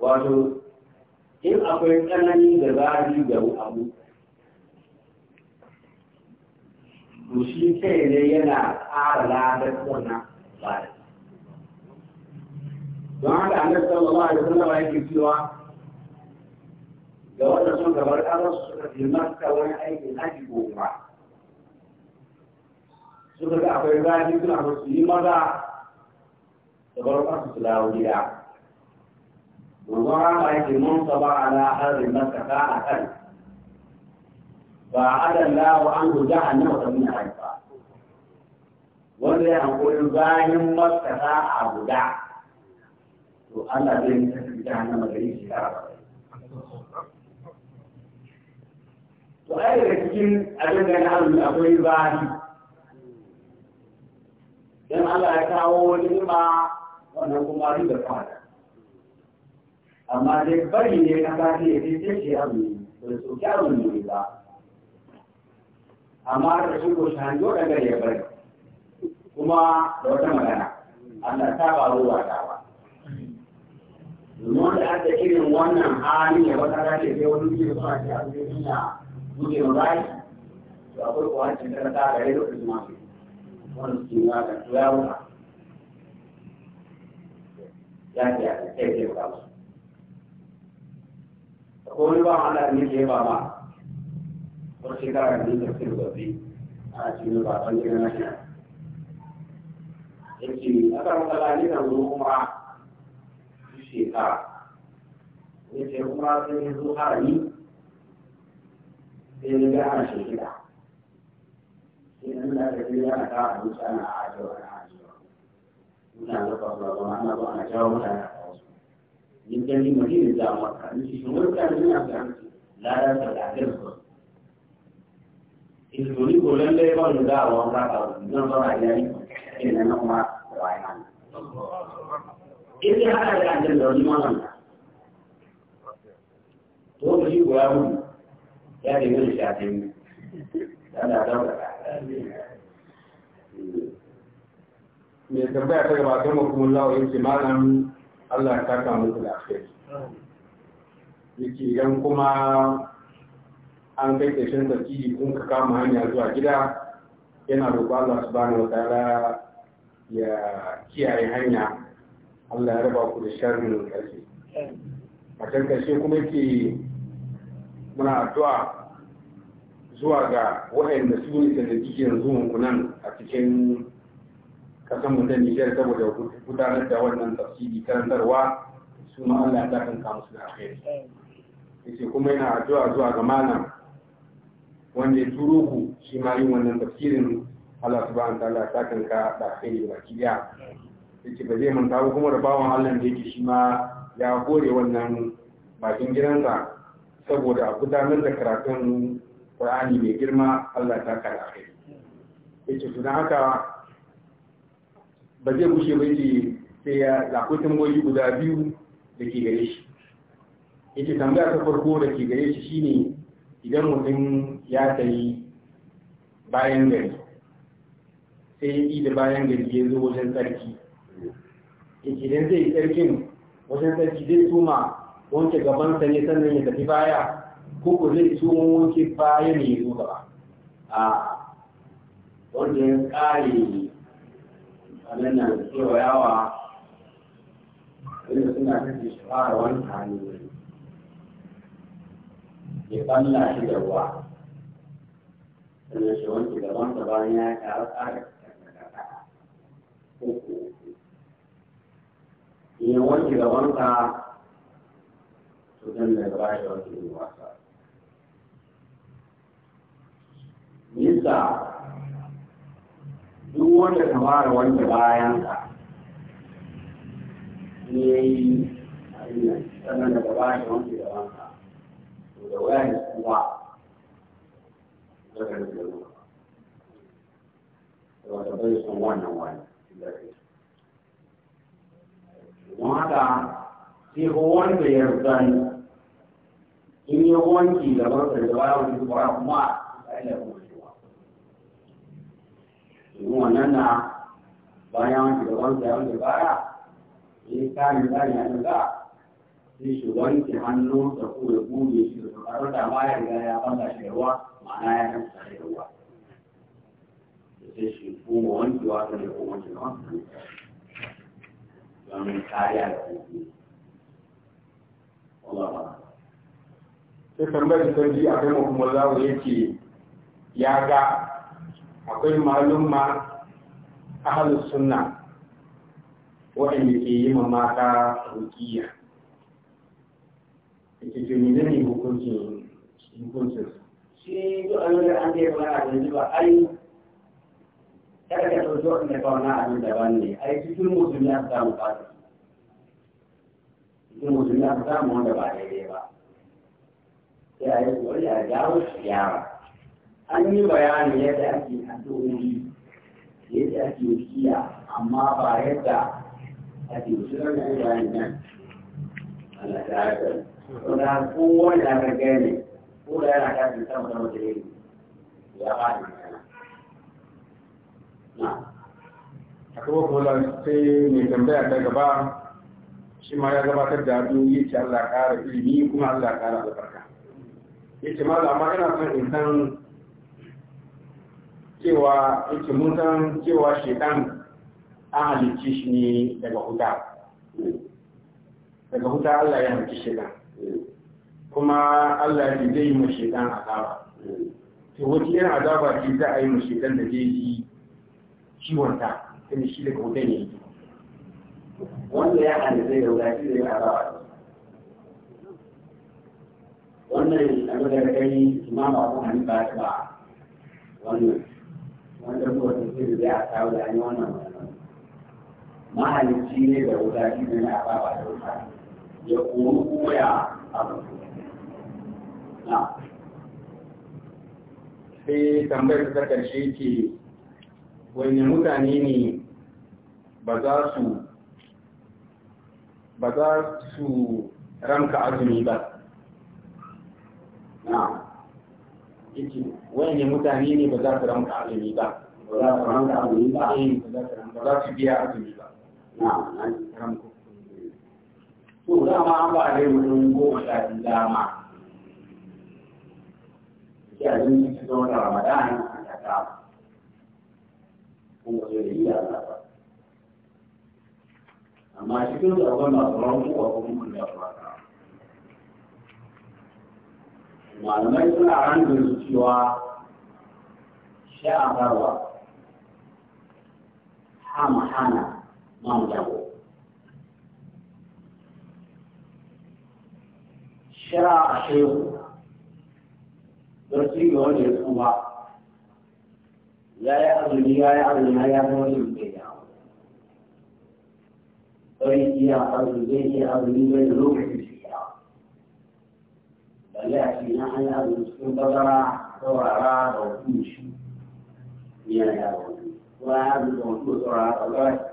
wato in akwai tsanani da zafi da abu to shi kai ne yana ƙara ladar wannan ba don haka annabi sallallahu alaihi ba yake cewa ga wanda sun gabar ƙarar suka fi maka wani aikin haji goma suka ga akwai zafi suna su yi maza da bar ƙasa su dawo gida وضرب المنصب على هذا المسكة أكل فعلى الله عنه جعل نوت من عيبا وذي أقول باهم مسكة أبو جعل وأنا بين سكة جعل نوت من عيبا وأي رسكين أجد أن أعلم أقول باهم dan Allah ya kawo wani ma wannan kuma ribar fada amma dai bari ne ka kafi ya fice shi azumi da su ki azumi ne ba amma da shi ko shan jo daga ya bari kuma da wata magana Allah ta ba ruwa ta ba domin da aka irin wannan hali ya wata kafi sai wani ke so a ci azumi ya buɗe mu bai to akwai kowancin da ta gare lokacin masu wani su ya ga ya wuta ya ce ya ce ya ce ya ce ko ba ana ne ke ba ma ko shekara ne da ke da bi a cikin ba ban gina na shi yake aka mutala ne da zo kuma shekara yake kuma sai ya zo harami sai ya ga ana shekara sai an da ka yi ana ta abinci ana ajiyewa ana ajiyewa mutane ba su ba ana ba ana jawo mutane من جاني مدينة جاء مكة مش شمول كان من أفغان لا لا تتعجل إسموني كلن لا يقال لا وامرأة نظر إليه إنما رعيان إذا هذا كان جلد ما لنا تو بشي قوام يا دي من الشاتين لا لا دولة mai tambaya ta gabatar makumullahu ya ce malam Allah ya taka muku da alheri yake yan kuma an kai ƙarshen sarki kun ka kama hanya zuwa gida yana roƙo Allah subhanahu wa ta'ala ya kiyaye hanya Allah ya raba ku da sharrin ƙarshe a can ƙarshe kuma ke muna addu'a zuwa ga waɗanda su ne da yanzu nan a cikin kasan mutum Nijar saboda gudanar da wannan tafsiri karantarwa su ma Allah ya takan kamu su da alheri yace kuma yana addu'a zuwa ga malam wanda ya turo ku shi ma yin wannan tafsirin Allah subhanahu wa ta'ala ya takan ka da alheri ba ba zai manta ba kuma da bawan Allah da yake shi ma ya gore wannan bakin gidansa saboda a gudanar da karatun Qur'ani mai girma Allah ta kare alheri yace su haka ba zai bushe ba ce sai ya akwai tambayoyi guda biyu da ke gare shi yake tambaya ta farko da ke gare shi shine idan mutum ya sayi bayan gari sai ya yi da bayan gari ya zo wajen tsarki idan zai tsarkin wajen tsarki zai tuma wanke gabansa ne sannan ya tafi baya ko ko zai tuma wanke baya ne ya zo gaba a wanda ya kare 那两 QL 啊，那个东西啊，是几十八的网站，也不算几高啊，那是十几万，十多的也有啊，哈哈，酷因为十几万的啊，昨天那个还有几万的，你咋？duk wanda ta fara wanda bayan ne ya yi sannan daga bayan wanda da wanka to da wayan kuma zaka da ruwa da wata bai son wannan wani don haka sai ko wanda ya zan in yi wanki da barka da bayan wanda ba kuma a yi wannan na bayan wani shugaban sa ya wuce baya ya kare zani a daga sai shugaban ke hannu da ko ya buɗe shi da tsakarar da ma ya riga ya banda shi ruwa ma'ana ya kan tsare da ruwa sai shi kuma wankewa ta ne ko wanke ma don kariya da kuma Allah ba. Sai karbar da sarki a kai mahimmar zawo yake ya ga akwai malumma ahalus sunna waɗanda ke yi ma mata rukiya ita ce ne ne hukuncin hukuncin shi duk an da an zai kuma abin ba ai kada ka ɗauki waɗanda ka wani abin daban ne ai cikin musulmi aka samu fata cikin musulmi aka samu wanda ba daidai ba sai a yi kokari a jawo shi yara an yi bayanin yadda ake addu'o'i yadda ake kiya amma ba yadda ake shirin da bayanin nan Allah ta haka kuma kowa da aka gane ko da yana kafin sama da wata yiri ya fadi kana na akwai kola sai mai tambaya ta gaba shi ma ya gabatar da addu'o'i ce Allah ƙara ilimi kuma Allah ƙara albarka yace malama kana son in san cewa yake mun san cewa shekan an halicci shi ne daga huta daga huta Allah ya halicci shekan kuma Allah ya zai yi ma shekan azaba to wace irin azaba ce za a yi ma shekan da zai yi ciwon ta ne shi daga huta ne wanda ya halitta da wuta shi zai azaba wannan abin da kai imam abu hanifa ba wannan wanda kuma sun ce da a kawo da an yi wannan mahalicci ne da wuta shi ne a baba da wuta ya koru koya a kasu na sai tambayar ta karshe ke wani mutane ne ba za su ba za su ranka azumi ba na yake wayanne mutane ne ba za su ramka azumi ba ba za su ramka azumi ba ba za su biya azumi ba na ramko to dama an ba a dai mutum goma sha biyu dama ya azumi su zo wata ramadan a kasa kuma sai da iya ba amma cikin da akwai masu ramko a kuma da ba malamai suna rangar cewa sha'abarwa hama hana man jago sha'a shehu zarci ga wanda ya tsuba ya yi azumi ya yi azumi ya zama shi bai ya tsari iya azumi zai iya azumi zai lokaci يأتي نحن أبو مسلم بقرة صورة وكوش من الأول وأبو مسلم صورة بقرة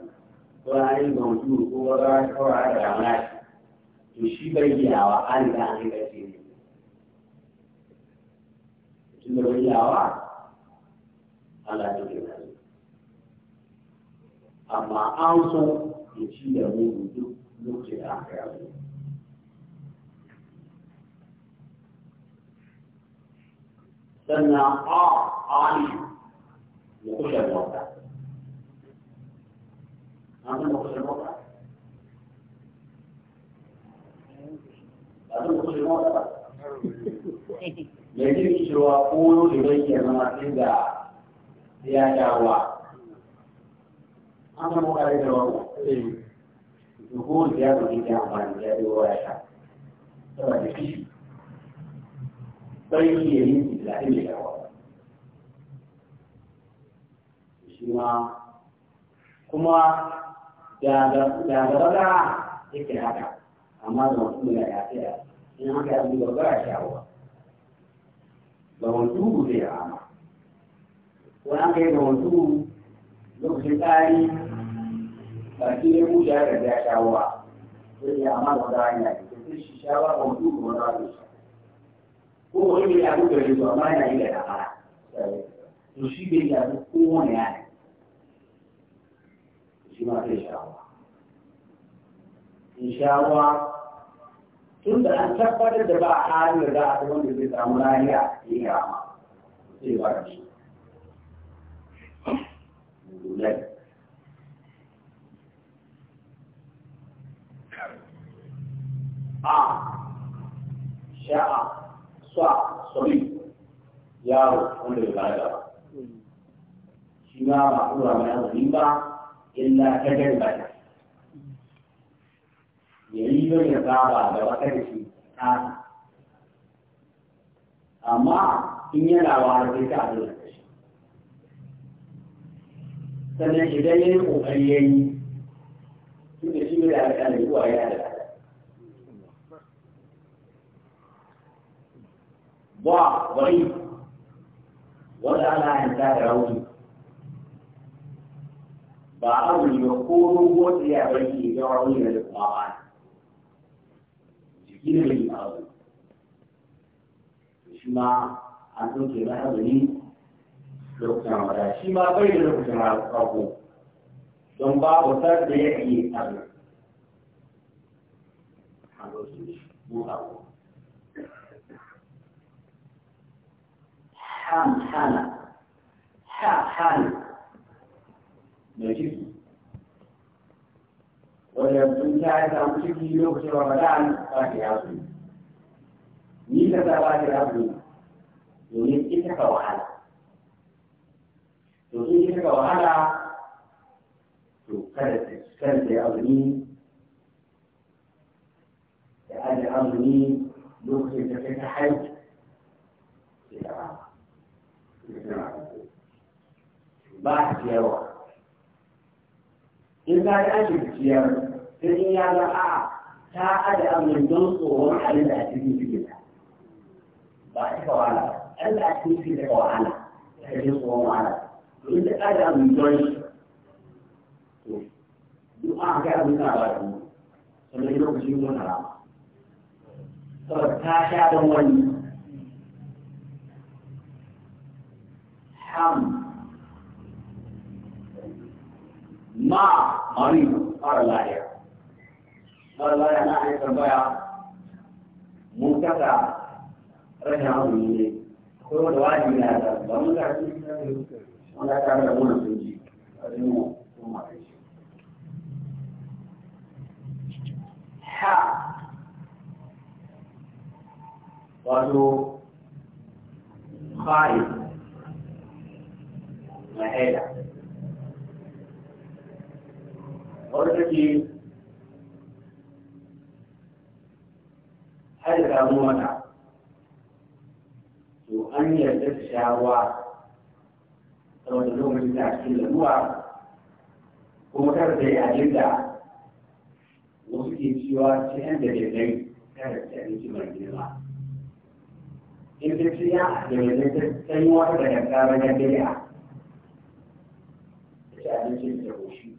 وأبو مسلم صورة صورة جمالات تشي بيجيها وأنا كان كثير تشي بيجيها على ذكر أما أوصل يشي يموت لوكسي آخر سنة آ عالي نخش الوضع أنا نخش الوضع أنا نخش الوضع لكن شو أقول لبيك ما تندع يا جوا أنا مقابل الوضع يقول يا بني يا بني يا يا بني bayyane da ilmi yawa shi ma kuma jagabara yake haka amma da wasu mula ya tsaya in haka ya zuwa bara shawa ba wanzu zai rama wani aka yi ba wanzu lokacin tsari ba shi ne mu da ya shawa sai ya amma da wata hanya da shi shawa ba wanzu ba wata hanya ko wani bai abu da riba amma yana yi da kafara to shi bai yi abu kowane yana shi ma zai shawa shawa tun da an tabbatar da ba a halin da a wanda zai samu lahiya ya yi rama sai ba da shi a sa sabi yaro wanda ya balaga ba shi ma ba kura mai azumi ba illa ta gari ba ya yi don ya saba da wata da shi ta amma in yana wa da ta abin da shi sannan idan ya yi kokari ya yi tun da shi ne da alƙalin zuwa ya da ضعف ضعيف وجعلها انتهى عودي بعضهم يقول وضع بيه يعوين الاطلاقات جيل بيه الارض مش ما عندهم كلمه بني ولا شي ما بين على الطاقه don babu sarda ya iya tsaro. Hannun su ne, حال حالة حا حالة ماشي ولا يكون ساعد عن شكل يوغش رمضان فاكي عظيم ميزة فاكي عظيم يومين إتك وحالة يومين إتك وحالة تكرت تكرت عظيم لأجل عظيم يوغش تكرت حج في العالم ba a ciyarwa in ba da ake ciyar sai in ya ga a ta ada amin don tsoron abin da a cikin suke ta ba a cika wahala an da a cikin suke ta wahala ta jin tsoron wahala to in ta ada amin don shi to duk an ga abin na ba da mu sannan lokacin mun harama saboda ta sha don wani حم ما مريض قال لا يا قال لا يا لا يا مكتا رجع مني هو دواجي من هذا بمن كان ولا كان يقول في أدمو ثم ح خائف mahaila wani take har da mu mata to an yarda da shawa saboda lokacin da cikin lalura kuma kar da ya abinda wasu ke cewa cikin da ke dai kada ta yi mai girma in ta ciya da ya zai ta yi wata da ya tsara ya ci abincin da goshi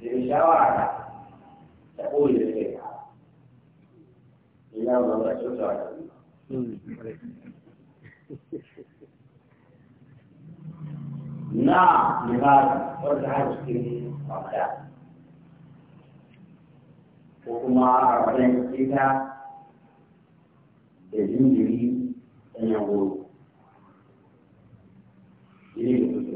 da shawara ta ɓoye da kai ka ina ba ba ta tsara na nima wanda har cikin mamada ko kuma a wajen ita da jinjiri ɗanyen wuri. Ile da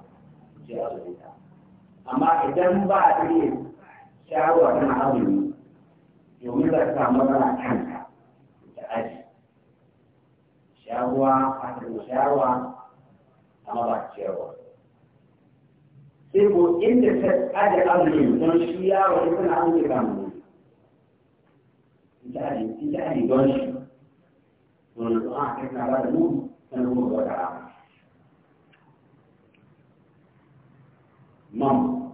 ya ita amma idan ba a iya shawara na azumi domin za ka matsala kanka da aji shawara a kan shawara amma ba ciyarwa sai ko inda ta aje azumi don shi yaro ya kuna azumi kamun ita aji don shi don su an kai na ba da mu sanarwa ga wata مام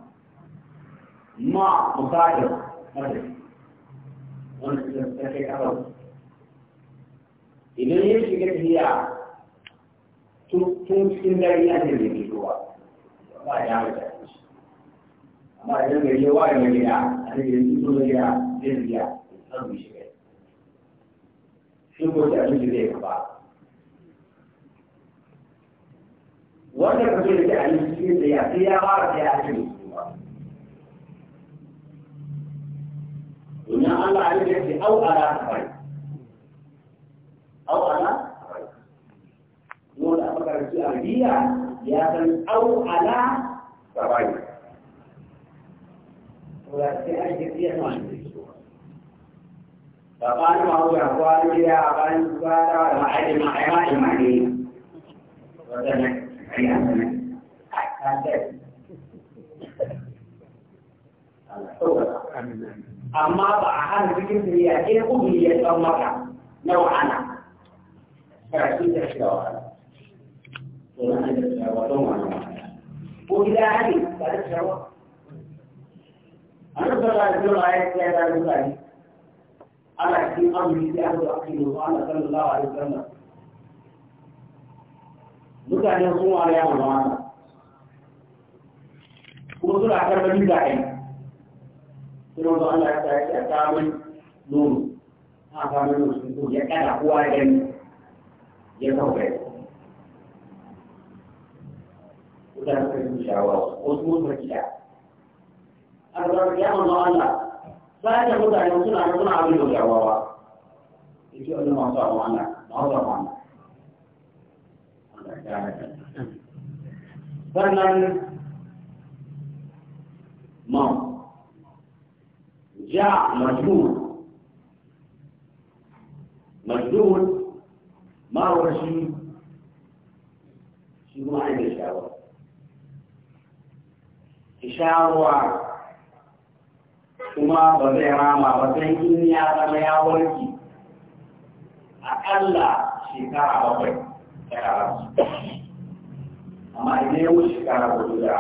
ما مصاحب مرجع إذا يجب أن هي تمكن دائما اللي بيجوا ما يعمل ما يعمل اللي هو يعمل يا اللي يجوا يا يا يا شو بقول أقول لك بقى وانا كثير يعني كثير يعني يا غارب يا عزيز هنا الله عليك يحكي او على خير او انا خير نقول افكر في ارجيا يا او على خير ولا في اي كثير ما عندي فقال ما هو أقوال يا أقوال سبحانه وتعالى ما علم ما علم عليه وتنكر amma ba a hana cikin duniya sai kuɗi ya san maka na wahala karatu da shi da wahala to na hanyar shawa don wani ko gida ya hane ba da shawa an rufe da zuwa ya ce ya zaru zari ana cikin amuri sai aka zo aka yi wa ana sallallahu alaihi wasallam mutane sun ware yawon zama kuma suna karɓar yin zaɓe suna zuwa Allah ya tsaya ya samun nono a samun nono sun zo ya kada kowa ya gani ya sauka ya mutane suka yi shawara wasu mutuwa gida a zaɓar yawon zama Allah sai da mutane suna suna abin da shawara ya ce wani masu abu ana masu abu ana فمن ما جاء مجهول مجهول ما هو شيء شيء ما عنده إشارة إشارة وما بزيرا ما بزيرا ما بزيرا ما بزيرا ما بزيرا ما ya kara amma idan ya wuce kara hudu da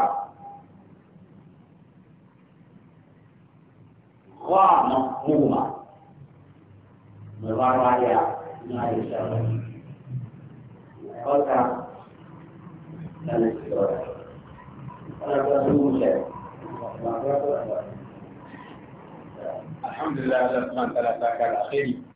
wa mafhuma مغرايا ما يشاء قطع من السورة الحمد لله على الأخير